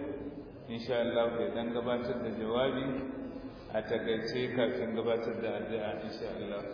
insha Allah bai dan gabatar da jawabi a takaice kafin gabatar da addu'a insha Allah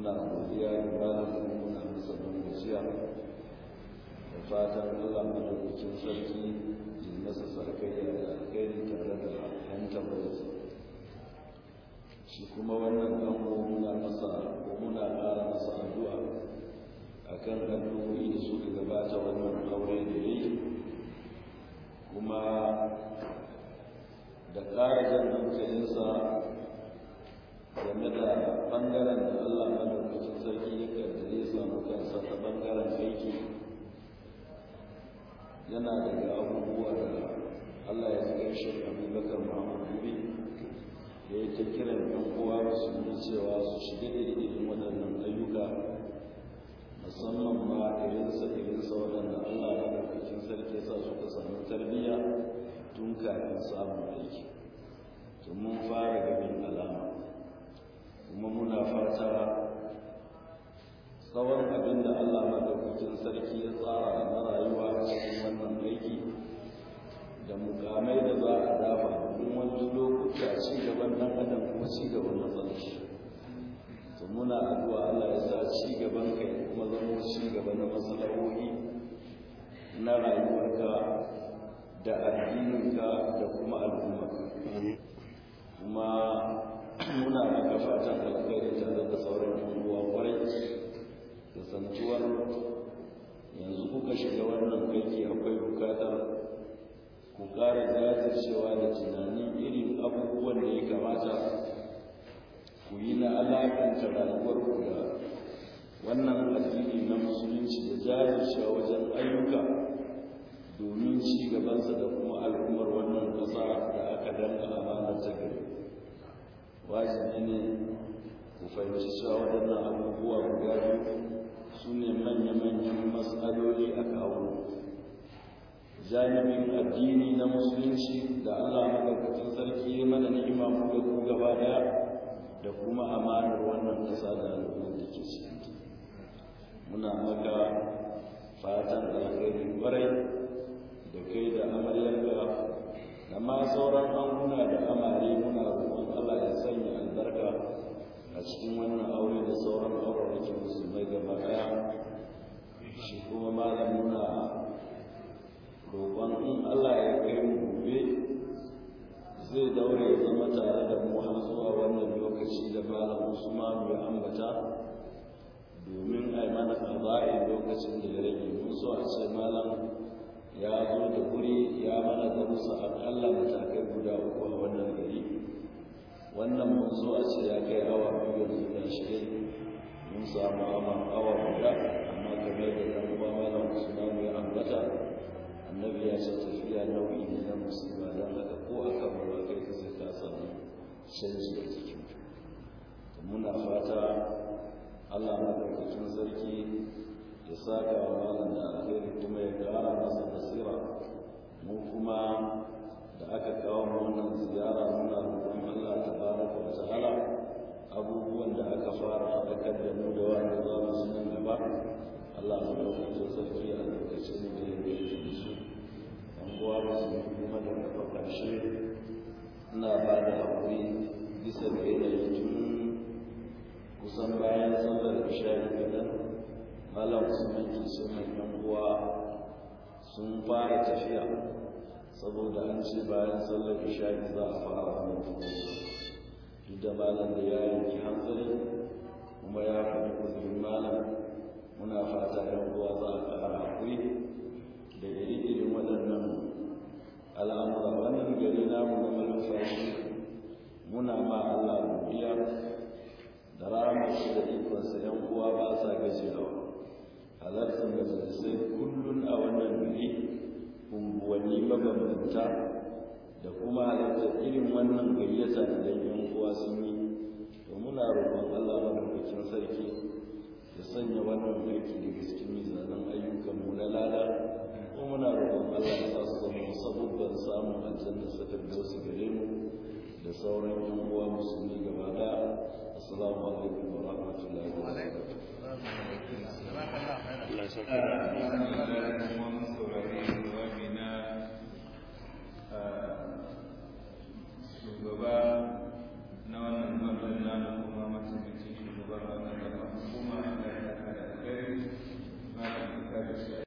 muna godiya da ranar da muna masa gajiya da fatan Allah cikin sarki jin masa sarkaiya da alheri tare da ba su shi kuma wannan mu muna masa ko muna ƙara masa addu'a akan addu'o'i da suka gabata wannan aure da yayi kuma da ƙara jan hankalinsa game da bangaren da Allah madaukakin sarki ya kaddare samu kansa ta bangaren aiki yana daga abubuwa da Allah ya zai shi Abubakar Muhammad bi da ya ta kiran yan uwa musulmi cewa su shiga da irin waɗannan ayyuka musamman ma irinsa irinsa waɗanda Allah madaukakin sarki ya sa su ka samu tarbiyya tun kafin samun aiki. Tun mun fara gabin alama. kuma muna fata tsawon abin da Allah madaukakin sarki ya tsara na rayuwa cikin wannan aiki da mukamai da za a dafa domin wani lokaci a ci gaban nan adam kuma ci gaban matsalar to muna addu'a Allah ya sa ci gaban kai kuma zama ci gaba na maslahohi na rayuwarka da addininka da kuma al'ummarka kuma muna maka fatan alkhairi tare da sauran abubuwa kwarai da santuwar yanzu kuka shiga wannan aiki akwai bukatar ku ƙara jajircewa da tunanin irin abubuwan da ya kamata ku yi na alaƙanta rayuwarku da wannan addini na musulunci da jajircewa wajen ayyuka domin ci gabansa da kuma al'ummar wannan kasa da aka danka amana ta gari wajibi ne ku fahimci cewa waɗannan abubuwa guda biyu su ne manya-manyan matsaloli a kawo Jami'in addini na musulunci da allah madaukakin sarki mana ni'ima mu da ku gaba daya da kuma amanar wannan ƙasa da al'ummar da ke cikinta muna maka fatan alheri kwarai da kai da amaryar da ma sauran anguna da amare muna ruwa. Allah ya sanya albarka a cikin wannan aure da sauran aure da musulmai gaba